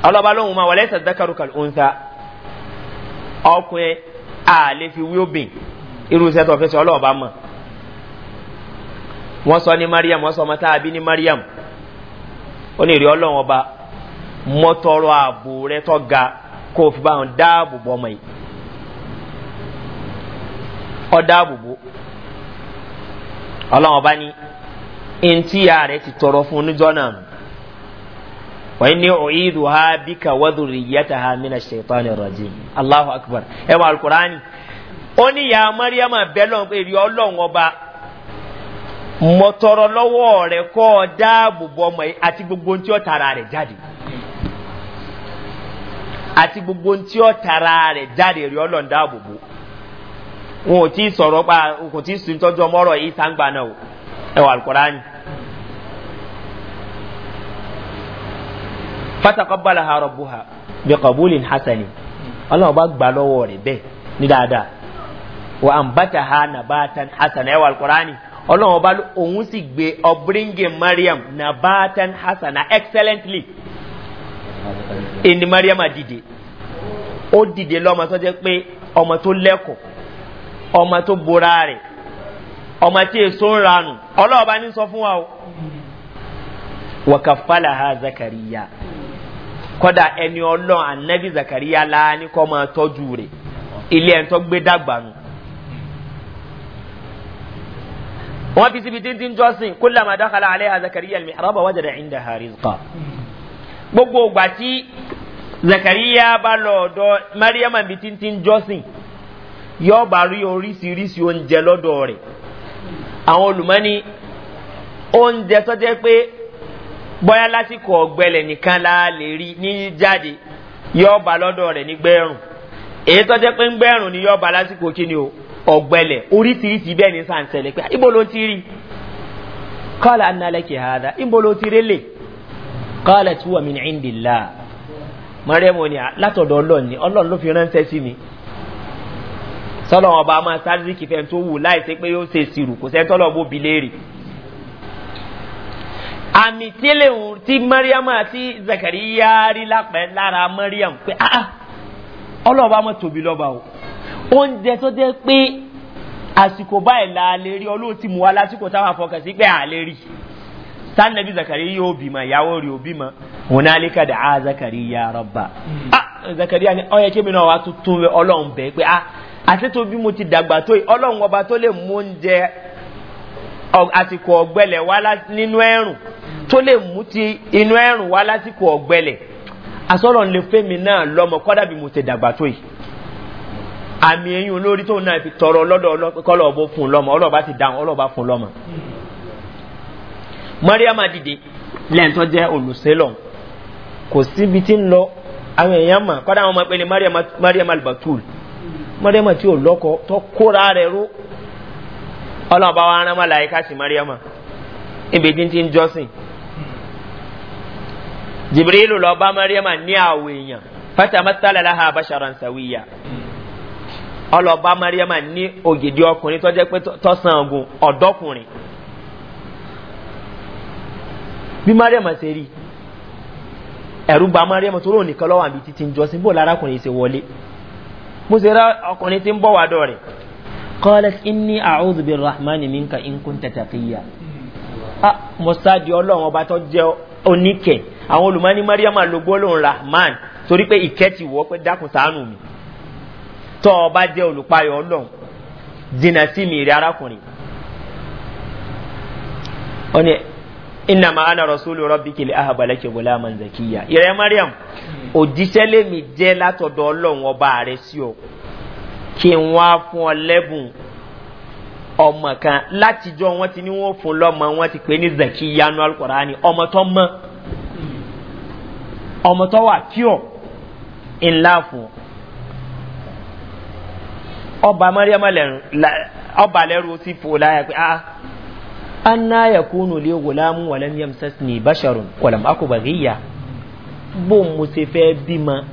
ọlọ́ba lóhùn máa wọlé sàdákàrú kàlù ọ̀nta ọkùnrin àlefi wíwọ́bìn irú iṣẹ́ tó fẹ́ sọ ọlọ́wọ́n wọ́n sọ ní mariam wọ́n sọ ọmọ táàbí ní mariam ó ní ìrí ọlọ́run ọba mọ́tọ́rọ ààbò rẹ tọ́ ga kó o fi bá wọn dáàbò bọ́ ọmọ yìí ọ dáàbò bò ọlọ́run ọba ní ntíya rẹ ti tọrọ fún oníjọ́ náà wọ́n ní ọ̀yídù ha bí ka wọ́dù rìyẹ́tà ha mí na ṣètò ní rọ̀jì aláhu akbar ẹ̀ wọ́n alukur'ani ó ní ya mariam abẹ́lọ́n pé ìrí ọba mo tọrọ lọ́wọ́ rẹ̀ kọ́ ọ dáàbò bọ ọmọ yìí àti gbogbo ohun tí ó tara rẹ̀ jáde àti gbogbo ohun tí ó tara rẹ̀ jáde rí ọlọ́run dáàbò bò wọn ò tí sọ̀rọ̀ pa kò tí sùn tọ́jú ọmọ ọ̀rọ̀ yìí sáńgbà náà o ẹ wà lùkọ́rá ni. pátákó bala ha rọ̀bù ha bí kabuli hasani ọlọ́run bá gbà lọ́wọ́ rẹ̀ bẹ́ẹ̀ ní dáadáa wà á ń bàtà ha nàbàtà hasani ẹ wà lùkọ́rá ni ọlọ́run ọba òun sì gbé ọbríngì mariam nabatan hasana excellently ìní mariam dìde ó dìde lọ́mọ tó jẹ́ pé ọmọ tó lẹ́kọ̀ọ́ ọmọ tó bora rẹ̀ ọmọ tí èso ń ranù ọlọ́run ọba ní sọ fún wa o wakafala ha zakariya kọ́dà ẹni ọlọ́run anabi zakariya la ní kọ́ máa tọ́jú rẹ̀ ilé ẹ̀ ń tọ́ gbé dàgbà nù. wọn fi síbi títí ń jọ́sìn kó lamà dákàlà alẹ́ azakariya almihraba wájà dà ìndà ha rizqa. gbogbo ìgbà tí zakariya bá lọ ọ̀dọ̀ mariama bi títí ń jọ́sìn yóò bá rí oríṣiríṣi oúnjẹ lọ́dọ̀ rẹ̀ àwọn olùmọ́ni oúnjẹ tó jẹ́ pé bọ́yá lásìkò ọ̀gbẹ́lẹ̀ nìkan la lè rí ní jáde yóò bá lọ́dọ̀ rẹ̀ ní gbẹ́rùn èyí tó pé ń gbẹ́rùn ni yóò bá lásìkò kíni o ọ̀gbẹ́lẹ̀ oríṣiríṣi bẹ́ẹ̀ ní sàǹsẹ̀lẹ̀ pé ibo ló ti rí kọ́lá annalẹ́kì hada ibo ti rí lè kọ́lá tí wọ́n mi ní ìndìlá mọ́rẹ́mọ́ ni látọ̀dọ̀ ọlọ́run ni ọlọ́run ló fi ránṣẹ́ sí mi sọ́lọ́ ọba máa sáré kìfẹ́ tó wù láìsí pé yóò ṣe sírù kò sẹ́ tọ́lọ́ bó bi léèrè àmì tí àti zakari yáárí lápẹ́ lára mariam pé ah, ah, ọlọ́ọ̀bá mọ́ tóbi lọ́ba o. oúnjẹ tó dé pé àsìkò báyìí la lè rí ọlọ́run ti mú wa lásìkò táwọn afọkàn sí pé à lè rí sanabi zakari yóò bímọ ìyàwó rẹ ò bímọ hmm. ah, náà lè ka dà zakari yà rọba ah zakari yà ni ọyẹ kí mi náà wà á tuntun ọlọrun bẹẹ pé ah àti tó bí mo ti dàgbà tó yìí ọlọrun ọba tó lè mú oúnjẹ àsìkò ọgbẹlẹ wá nínú ẹrùn tó lè mú ti inú ẹrùn wá lásìkò ọgbẹlẹ asọlọ ń náà lọmọ kọdà bí mo ti dàgbà tó yìí àmì ẹ̀yìn olórí tó náà fi tọrọ lọ́dọ̀ kọ́lọ̀ọ̀bọ fún lọ́mọ ọlọ́ọ̀bá ti dáhùn ọlọ́ọ̀bá fún lọ́mọ. mariama dìde lẹ́yìn tó jẹ́ olùsẹ́lọ̀ kò síbi tí ń lọ àwọn èèyàn mà kọ́dà àwọn ọmọ ìpele mariama albatul mariama tí ò lọ́kọ tó kóra rẹ̀ ró ọlọ́ọ̀bá wa rán mọ́lá ẹ̀ka mariama ibi tí ń ti ń jọ́sìn. jibril lọ bá mariama ní àwọ̀ èèyàn fatamátálà láha abasharan sawiya. Mm ọlọ́ba mariama ní ògidì ọkùnrin tọ́jẹ́ pé tọ́sán ogun ọ̀dọ́kùnrin bí mariama ṣe rí ẹ̀rú gba mariama tó rò nìkan lọ́wọ́ àbí títí ń jọsìn bó lárakùnrin ṣe wọlé mo ṣe rá ọkùnrin tí ń bọ̀ wá dọ̀ rẹ̀ kọ́lẹ́s inni àwùjọ bíi rahman mi nka nkún tẹ̀tẹ̀kìyà ah mọ̀sáàdì ọlọ́run ọba tó jẹ́ oníkẹ̀ àwọn olùmọ́ni mariama ló gbólóhùn rahman torí pé ìkẹ́ ti wọ́ pé dákun sàánù mi tọ́ ọ bá jẹ́ olùpayọ̀ ọlọ́run jìnnà sí mi rí arákùnrin ó ní inna ma ana rasulu rabbiki li ahbalaki gulaman zakiya ire maryam òjíṣẹ́ lèmi jẹ́ látọ̀dọ̀ ọlọ́run ọba rẹ̀ sí ọ kí n wá fún ọ lẹ́bùn ọmọ kan látijọ́ wọn ti ní wọn fún lọ́mọ wọn ti pè ní zakiya nu alukurani ọmọ tó mọ ọmọ tó wà kí ọ ńlá fún ọ ọba mariam ọba lẹ́rù sí fò láyà pé ah an na ya kúnu lè gùlámù wà lẹ́m yam sasni basharun kwalam aku bagiyya bó mo se fẹ́ bímọ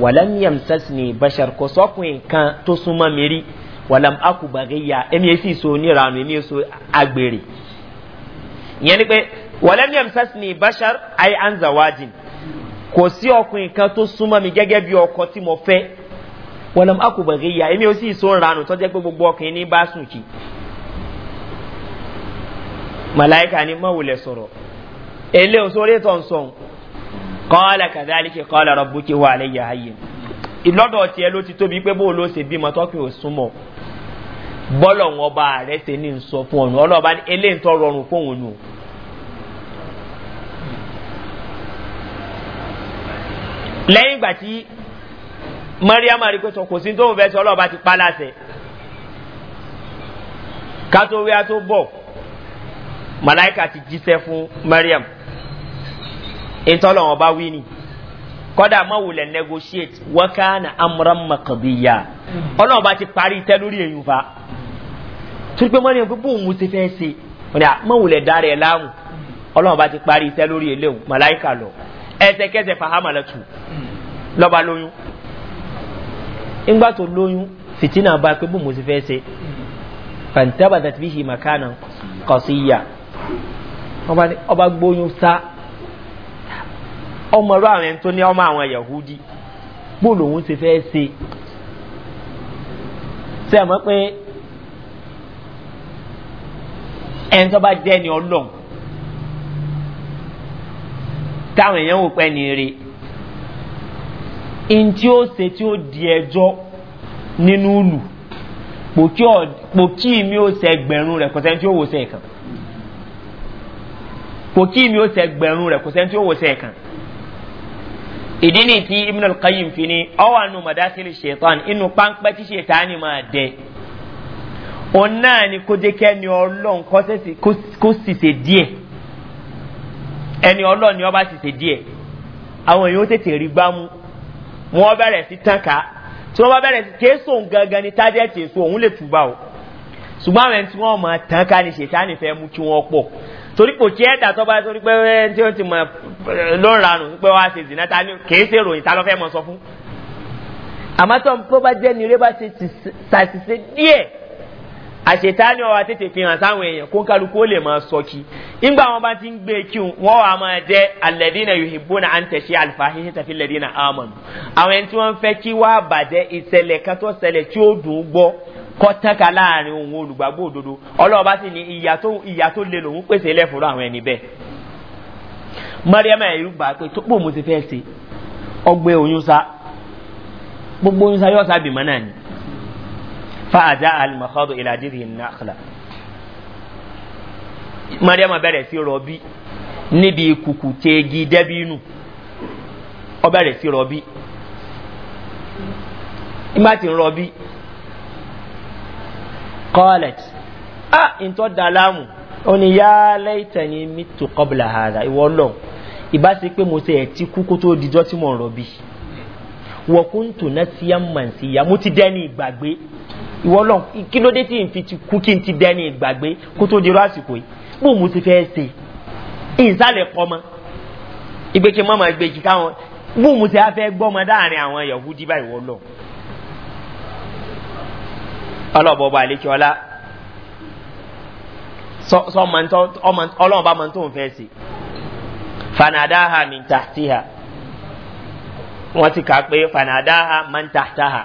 wà lẹ́m yam sasni bashar kò sọ́kùn kan tó súnmọ́ mi rí wàlám aku bagiyya ẹni èsì so níranu ẹni èso agbèrè ìyẹn ni pé wàlám yamsasni sasni bashar ayé anzawajin kò sí ọkùnrin kan tó súnmọ́ mi gẹ́gẹ́ bí ọkọ tí mo fẹ́ wọlọm akụba yà èmi ò sì so ń ranù tó jẹ́ pé gbogbo ọkùnrin ní bá sùn kí ni mọ̀ wulẹ̀ sọrọ. èlé òsòrè tó ń sọ̀n kọ́ọ̀lá kàdálíkì kọ́ọ̀lá rọ̀bùkì wà lẹ́yà ayé ìlọ́dọ̀ tiẹ̀ ló ti tóbi pé bóòló ṣe bímọ tọ́kì ò súnmọ́ bọ́lọ̀ wọn bá ṣe ní sọ fún ọ̀nà rọrùn nù. mariam arikoto kò sí tóun fẹ́ sọ ọlọ́ọ̀bá ti pa láṣẹ kátó wíwá tó bọ̀ malaika ti jíṣẹ́ fún mariam ìtọ́lọ̀ ọba wí ni kọ́dà mọ̀wulẹ̀ negotiate wákàna amúran makadiya ọlọ́run bá ti parí iṣẹ́ lórí èyí fa torí pé mọ́ni ẹ̀fọ́ bóun ti fẹ́ ṣe ọ̀dà dára ẹ̀ láàmú ọlọ́run ti parí iṣẹ́ lórí eléwu malaika lọ ẹsẹ̀kẹsẹ̀ fahama tù lọ́ba lóyún ńgbà tó lóyún fìtínà bá pé bó mo ti fẹ́ ṣe fàǹtàbà dàtí makana ṣe ọba gbóyún sá ọmọ ọlọ́ àwọn ẹni tó yahudi bó lòun ti fẹ́ ṣe ṣe àmọ́ pé ẹni ntí ó ṣe tí ó di ẹjọ́ nínú ìlú pòkí mi ó ṣe ẹgbẹ̀rún rẹ̀ kò sẹ́ni tí ó wò ṣe ẹ̀kan pòkí mi ó ṣe ẹgbẹ̀rún rẹ̀ kò sẹ́ni tí ó wò ṣe ìdí ni ti ibn al-qayyim fi ni ọwọ́ àánú madásílì ṣètàn inú páńpẹ́ tí ṣètàn ni máa dẹ òun náà ni kó jẹ́ kí ẹni ọlọ́run kó ẹni ọlọ́run ni ọba sì ṣe àwọn èèyàn ó tètè rí gbámú wọ́n bẹ̀rẹ̀ sí tán ká tí wọ́n bá bẹ̀rẹ̀ sí kéésù gangan ní tájẹ́tì èso òun lè túbà o ṣùgbọ́n àwọn ẹni tí wọ́n mọ̀ tán ká ní ṣètánì fẹ́ mú kí wọ́n pọ̀ torí kò tí ẹ dà tó bá torí pé ẹ tí ó ti mọ̀ ló ń ranù pé wàá ṣe zìnnà ta ni kèé ṣe ròyìn ta ló fẹ́ mọ̀ sọ fún. àmọ́ tó bá jẹ́ ni eré bá ṣe ṣàṣìṣe díẹ̀ àṣetáni ọ̀rọ̀ tètè fi hàn sáwọn èèyàn kó kálukú ó lè máa sọ kí ńgbà wọn ti ń gbé kí wọn wà máa jẹ alẹ́dínà yohibona àǹtẹ̀ṣe àlùfáàhìn tàfi lẹ́dínà amọ̀n àwọn ẹni tí wọ́n fẹ́ kí wá bàjẹ́ ìṣẹ̀lẹ̀ kan tó tí ó dùn ún gbọ́ kọ́ láàrin òun òdodo ọlọ́ọ̀bá sì ní ìyá tó lè lòun pèsè àwọn ẹni bẹ́ẹ̀ pé tó mo ti fẹ́ ṣe ọgbẹ́ oyún gbogbo ni fàájà alimakọ́dù ìlàjìrì nàkàlà mariama bẹ̀rẹ̀ sí rọ̀bí níbi kùkù tẹ́gi dẹ́bínú ọ bẹ̀rẹ̀ sí rọ̀bí ìgbà tí ń rọ̀bí kọ́lẹ̀t a ìtọ́ da láàmù ó ní yá lẹ́yìn ní mítò kọ́bùlà hàdà ìwọ́lọ̀ ìbá sí pé mo ṣe ẹ̀ tí kú kó tó dijọ́ tí mò ń rọ̀bí wọ̀kúntù náà sí ẹ̀ mọ̀ ya mo ti dẹ́ni ìgbàgbé ìwọ lọ kí ló dé tí n fi kú kí n ti dẹ́ni ìgbàgbé kó tó dirú àsìkò yìí bó mo ti fẹ́ ṣe ìsàlẹ̀ kọ́mọ ìgbé kí mọ́mọ́ ìgbé kí káwọn bó mo ti fẹ́ gbọ́mọ dáàrin àwọn yahudi báyìí wọ́n lọ. ọlọ́ọ̀bọ̀ bá àlékí sọ ọmọ ọlọ́ọ̀bá mọ̀ tó ń fẹ́ ṣe fanadaha mi ta ti ha wọ́n ti kà pé fanadaha mantahtaha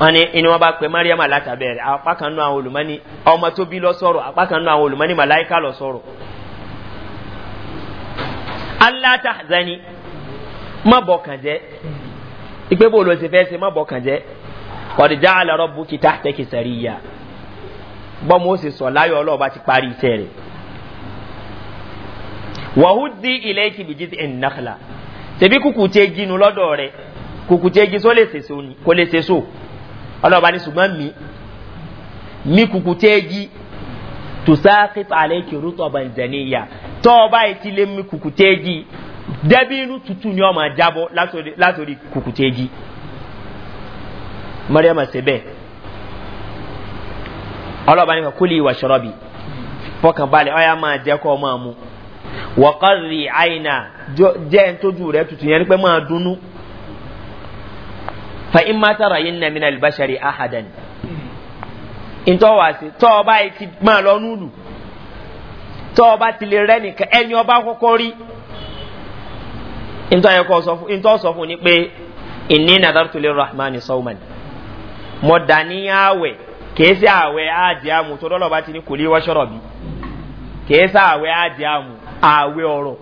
wọ́n ní inú wọn bá pé mariam alátabẹ̀rẹ̀ apá kan náà àwọn olùmọ́ni ọmọ tó bí lọ sọ̀rọ̀ apá kan náà àwọn olùmọ́ni màláìka lọ sọ̀rọ̀ alátàzani má bọ̀ kàn jẹ́ ìpé bó ló ti fẹ́ ṣe má bọ̀ kàn jẹ́ kọ̀dìjà àlọ́rọ̀ bukki tàhtẹ́kì sàríyà bọ́mọ ó sì sọ láyọ̀ ọlọ́ọ̀bá ti parí iṣẹ́ rẹ̀ wàhùdí ilé kìbìjì ẹ̀ nàkàlà ṣèbí kùkùté ginu lọ́dọ̀ rẹ̀ kùkùté gi só lè sèso ni kò lè sèso ọlọ́ba ní ṣùgbọ́n mi mi kùkùté gi tùsáàkì pàlẹ́ kìrú tọba ìjẹniyà tọ́ọ̀bá yìí ti lé mi kùkùté gi dẹ́bí inú tutù ni ọmọ jábọ́ látòrí kùkùté gi mọ́ríàmà ṣe bẹ́ẹ̀ ọlọ́ba ní kò kúlì ìwà ṣọ́rọ́bì fọkànbalẹ̀ ọ̀yà máa jẹ́ kọ́ máa mu wọ́kọ́rì àyìnà jẹ́ ń tójú rẹ̀ tutù yẹn pé máa dunnú. fa in máa tara yín nàmínà albashari ahadan. ntọ́ wá sí tọ́ ọba yìí ti máa lọ núlù tọ́ ọba ti lè rẹ́ nìkan ẹni ọba kọ́kọ́ rí. ntọ́ sọ fún ni pé ìní nàdàrútulẹ̀ rahman sọ́wọ́n mọ̀ dàníyàwẹ̀ kèésì àwẹ̀ àdìyàmù tó dọ́lọ́ba ti ní kò lè wá bí kèésì àwẹ̀ àdìyàmù. o ọ̀rọ̀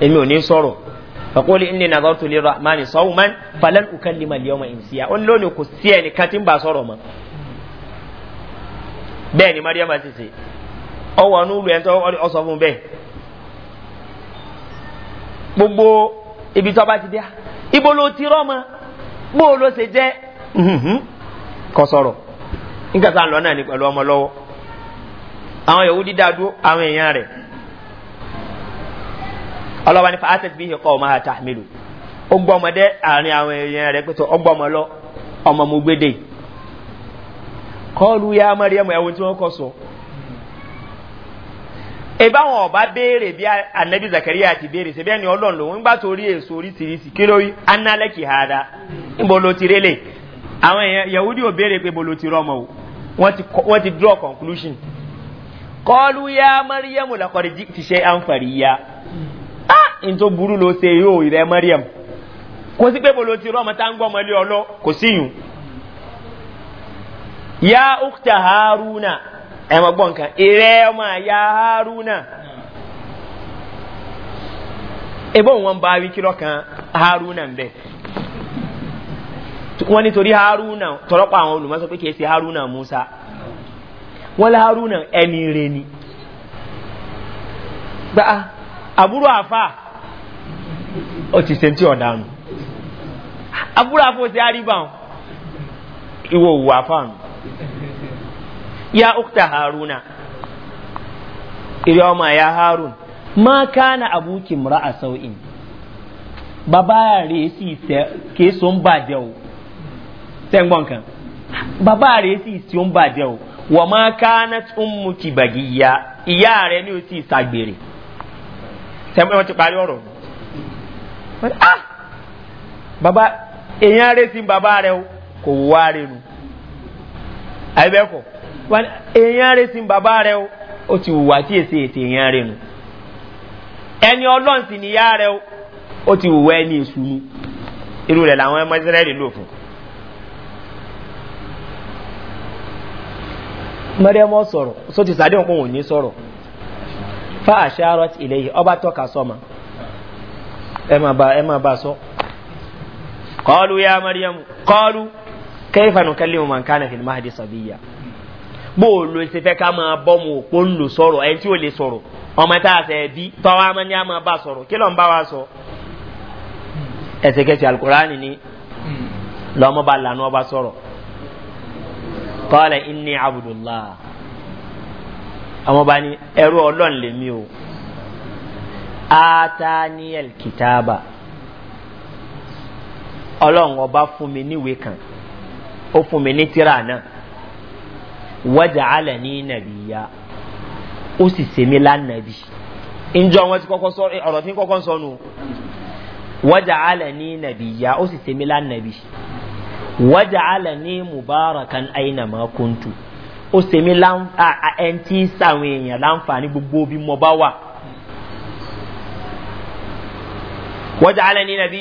èmi ò ní sọ̀rọ̀ fakoli inni nazartu li rahmani sawman falan ukallima al insiya on lónìí kò sí ẹni kan tí ń bá sọ̀rọ̀ mọ́ ni ọsọ fún bẹ́ẹ̀ gbogbo ibi ti dia ibo ló ti rọ́ mọ́ bó ló ṣe jẹ́ kọ sọ̀rọ̀ nígbà ọlọ́wà ní fàásẹ̀ ihe ìkọ́ ọmọ àti àmìlù ó gbọ́ ọmọdé àárín àwọn èèyàn rẹ̀ pẹ̀tọ́ ó ọmọ gbédè ya mariam ẹ̀wọ̀n tí wọ́n kọ́ sọ. ìbá ọba béèrè bí anabi zakaria ti béèrè ṣe bẹ́ẹ̀ ni ọlọ́run lòun gbà tó rí èso oríṣiríṣi kí hada níbo ló ti àwọn èèyàn yahudi ò béèrè pé bo ti rọmọ o wọ́n ti draw ya mariam ti ṣe àǹfààní ya. ah n buru burú ló ṣe yóò rẹ mariam kò sí pé bolo ti rọmọ tá ń gbọ́ ọmọlé ọlọ kò sí yùn. ya ukta haruna ẹ ma gbọ́n kan ìrẹ́ ọmọ ya haruna ebe wọn bá wí kírọ kan haruna ń bẹ wọn nítorí haruna tọrọpọ àwọn olùmọ̀sọ pé kìí ṣe haruna musa wọn lé haruna ẹni rẹ ni gbàá. Ah, àbúrò àfà ó ti ṣe tí ọ̀daràn àbúrò àfà ó ti àríbà ìwò òwò àfà nù ya ukta haruna ìrẹ́ ọmọ ya harun ma kana abuki mura a sau'in bàbá rẹ̀ sì késo ń bàjẹ́ o tẹ́gbọ́n kan bàbá rẹ̀ sì sí ń bàjẹ́ o wọ́n ma kana tún mú kìbàgì ìyá rẹ̀ ni ó sì ṣàgbèrè tẹ̀mọ́ wọn ti parí ọ̀rọ̀ ah baba èèyàn rẹ̀ sí baba rẹ̀ o kò wá rẹ̀ nu àbẹ̀kọ̀ wọn rẹ̀ sí baba rẹ̀ o ó ti wùwà tí èsì ètè èèyàn rẹ̀ nu ẹni ọlọ́run sì ni yá rẹ̀ o ó ti wùwà ẹni èṣù nu irú rẹ̀ làwọn ọmọ israẹli lò fún. mẹ́rẹ́mọ́ sọ̀rọ̀ sọ́tì sàdéhùn kò wọ́n ní sọ̀rọ̀ fa àṣàrọ̀ ilé yìí ọba tọ́ka sọ́mọ ẹ máa bá ẹ máa bá sọ. kọ́ọ̀lù ya mariam kọ́ọ̀lù kẹ́yìfà nù kẹ́lẹ́ mu mànkà náà fi máa di sọ̀bíyà bó o lo ṣe fẹ́ ká máa bọ́ mu òpó ń sọ̀rọ̀ ẹ̀ tí ò lè sọ̀rọ̀ ọmọ tá a sẹ̀ bí tọ́wọ́ a máa ní a máa bá sọ̀rọ̀ kí ló ń bá wa sọ. ẹsẹ̀kẹsì alukurani ni lọ́mọba lànà ọba sọ̀rọ̀ kọ́ọ̀lù inni abudulayi àwọn ọba ní ẹrú ọlọ́run lèmi o ataniel kìtàbà ọlọ́run ọba fún mi níwèé kan ó fún mi ní tíra náà wọ́jà alẹ̀ ní nàbíyá ó sì sèmi lánàbí njọ wọn ti kọ́kọ́ sọ ọ̀rọ̀ tí kọ́kọ́ sọ nù wọ́jà alẹ̀ ní nàbíyá ó sì sèmi lánàbí wọ́jà alẹ̀ ní mubarakan aina makuntu. kuntu ó se mi ẹn tí sàwọn èèyàn láǹfààní gbogbo bí mo bá wà. wọ́n jẹ́ alẹ́ ní nàbí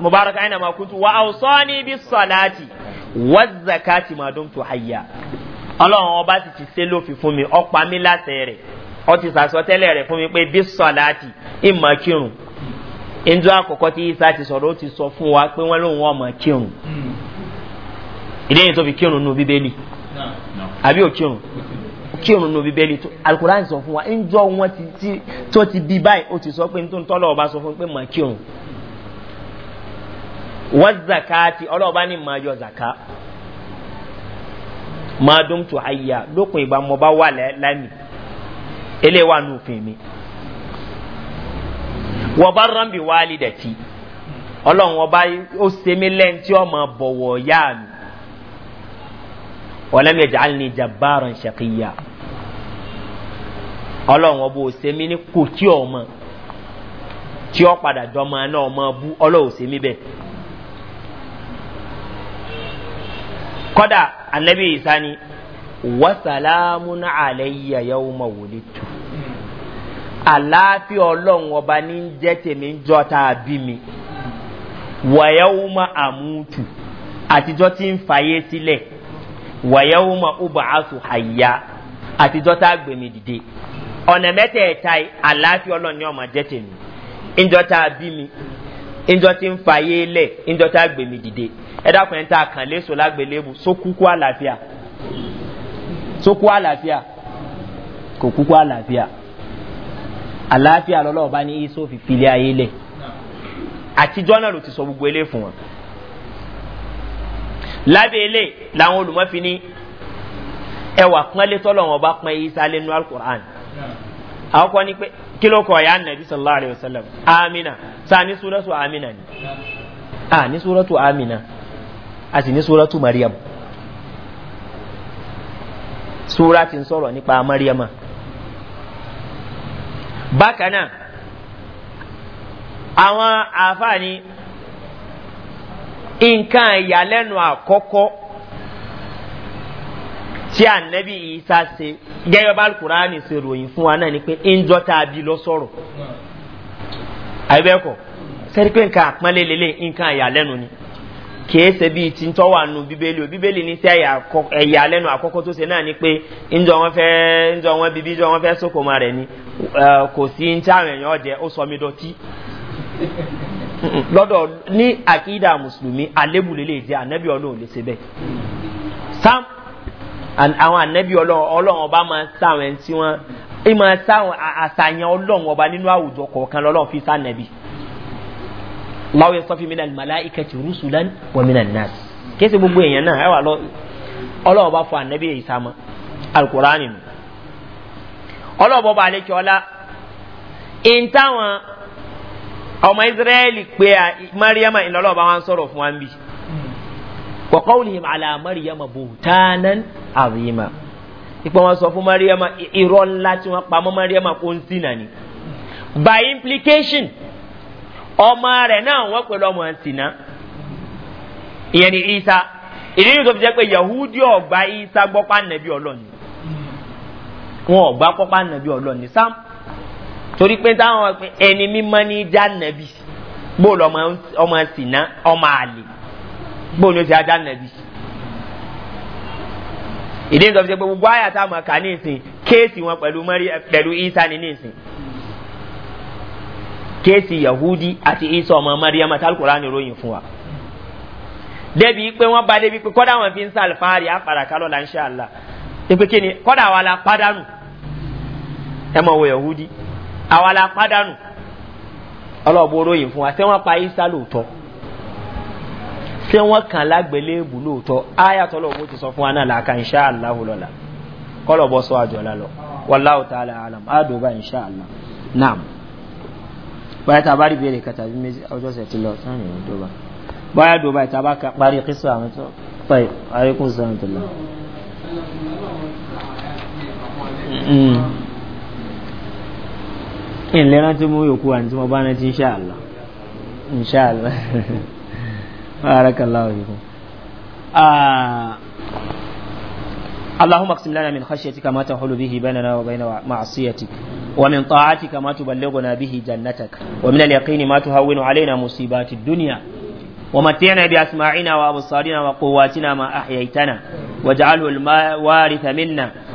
mubarak aina ma kuntu wa awsọ́ ni bí sọ̀láàtì wọ́n zakati ma dùn tó hayya. ọlọ́run ọba sì ti sé lófin fún mi ọ̀pá mi láṣẹ rẹ̀ ọ ti sàsọtẹ́lẹ̀ rẹ̀ fún mi pé bí sọ̀láàtì ìmọ̀ kírun. ìjọ àkọ́kọ́ tí isa ti sọ̀rọ̀ ó ti sọ fún wa pé wọ́n lóun ọmọ kírun. Hmm. ìdí tó fi kírun nù bíbélì àbí òkírun kírun nu bíbélì tó alukuraan sọ fún wa ńjọ wọn ti ti tó ti di báyìí ó ti sọ pé nítorí tọ́lọ̀ ọba sọ fún pé mà kírun wọ́n zakati ọlọ́ọ̀bá ni mà yọ zaka mà dùn tó àyà lókun ìgbà mo bá wà lẹ́mí eléyìí wà nù fún mi wọ́n bá rán bí wàhálì dẹ̀ ti ọlọ́run ọba ó sẹ́mi lẹ́ńtí ọmọ bọ̀wọ̀ yá wọlé mi jàll ni jabaran ṣakiya ọlọ́run ọba òsèmi ní kò tí ọ mọ tí ọ padà jọmọ náà mọ bú ọlọ́run òsèmi bẹ́ẹ̀. kọ́dà anabi isani wasalaamu alayya yow ma wòle tu àlàáfíà ọlọ́run ọba ní jẹ́ tèmi jọta bí mi wàyẹ̀wò ma àmútu àtijọ́ ti ń fàyè sílẹ̀. Si wàyẹ̀wò ma ọba aṣọ àyà àtijọ́ tá a gbèmí dìde ọ̀nà mẹ́tẹ̀ẹ̀ta yìí àlàáfíà ọlọ́ọ̀ni ọmọ jẹ́ tèmi ńjọ́ tá a bí mi ńjọ́ tí ń fa yé lẹ̀ ńjọ́ tá a gbèmí dìde ẹ dákun ẹ̀ ń ta kàn léṣo lágbèlébù sókúkú àlàáfíà sókú àlàáfíà kò kúkú àlàáfíà àlàáfíà lọ́lọ́ọ̀bá ní iṣẹ́ òfìfilé ayé lẹ̀ àtijọ́ náà ló ti sọ gbogbo eléyìí fún wọn lábẹ́lẹ̀ làwọn olùmọ́fini ẹwà pọ́nlé tọ́lọ̀ wọn bá pọ́n isa lẹ́nu alukur'an àkọ́kọ́ ni pé kí ló kọ̀ ya nàbí sallallahu alayhi wa sallam amina sa ní súrọ́tù amina ni a ní súrọ́tù amina a ni ní súrọ́tù mariam súra ti ń sọ̀rọ̀ nípa mariam bákan náà àwọn àfáà ni nǹkan ìyàlẹ́nu àkọ́kọ́ tí ànẹ́bí ìsá ṣe gẹ́gẹ́ bá alukurani ṣe ròyìn fún wa náà ni pé ńjọ́ tá a bí lọ sọ̀rọ̀ àbẹ́kọ̀ sẹ́ni pé nǹkan àpọ́nlé lélẹ̀ nǹkan ìyàlẹ́nu ni kìí ṣe bíi tí ń tọ́wà nù bíbélì o bíbélì ní sí ìyàlẹ́nu àkọ́kọ́ tó ṣe náà ni pé ńjọ wọn fẹ́ ńjọ wọn bíbí ńjọ wọn fẹ́ sókòmọ́ rẹ̀ ni kò sí ń tí àwọn èèyàn jẹ ó sọ mi dọ̀tí lọ́dọ̀ ní àkídà mùsùlùmí àlébù lè lè jẹ́ ànẹ́bí ọlọ́run lè ṣe bẹ́ẹ̀ sam àwọn ànẹ́bí ọlọ́run ọba máa sáwọn ẹni tí wọ́n ìmọ̀ sáwọn àṣàyàn ọlọ́run ọba nínú àwùjọ kọ̀ọ̀kan lọ́lọ́run fi sá ànẹ́bí láwọn yẹn sọ́fí mílíọ̀nù màláìkà ti rúṣùlán wọ́n mílíọ̀nù náà kí ẹ sì gbogbo èèyàn náà ẹ wà lọ ọlọ́run ọba fọ ànẹ́bí èyí sá mọ́ alukóraani ọlọ́run ọba alẹ́ ọlá ìntàwọn ọmọ israẹli pé a mariama ìlọlọ bá wọn sọrọ fún wa bí kọkọlihim ala mariama bhutan azima ipa wọn sọ fún mariama irọ́ ńlá tí wọn pamọ́ mariama kó ń sinà ni by implication ọmọ rẹ̀ náà wọ́n pẹ̀lú ọmọ sinà ìyẹn ni isa ìdí nìkan fi jẹ́ pé yahudi ọgbà isa gbọ́pá nàbí ọlọ́ni wọn ọgbà pọ́pá nàbí ọlọ́ni sam torí pé táwọn ẹni mímọ́ ní jánàbí bó lọ ọmọ sìnà ọmọ àlè bó ni ó ti ajánàbí ìdí nǹkan fi ṣe pé gbogbo àyà tá a mọ̀ ká ní ìsìn kéèsì wọn pẹ̀lú mọ́rí ní ìsìn kéèsì yahudi àti isa ọmọ mariam atalukura ni ròyìn fún wa débi pé wọ́n bá débi pé kọ́dà wọn fi ń sá alifáàrí àpàràkálọ̀ là ń ṣe àlà ìpè kọ́dà wa la pádánù ẹ mọ̀ wọ yahudi àwa la pàdánù ọlọ́ọ̀bù oróyìn fún wa ṣé wọ́n pa isa lóòótọ́ ṣé wọ́n kàn lágbélébù lóòótọ́ ayatollah owó ti sọ fún wa náà làákà insha allah lọ́la kọ́lọ̀bọ̀ sọ àjọ̀lá lọ wàláwù tá a lè alam àdùbà insha allah naam báyà tá a bá rí ìbéèrè kàtà bí méjì ọjọ́ sẹ̀ ti lọ sáyẹn ní dùbà báyà dùbà tá a bá parí kíso àwọn tó fẹ́ àríkùn sáyẹn tó lọ. ìlera tí mú yòókù àti mo bá ní ti ṣáàlá ṣáàlá bárakàlá òyìnbó اللهم اقسم لنا من خشيتك ما تحول به بيننا وبين معصيتك ومن طاعتك ما تبلغنا به جنتك ومن اليقين ما تهون علينا مصيبات الدنيا ومتعنا بأسماعنا وأبصارنا وقواتنا ما أحييتنا واجعله الوارث منا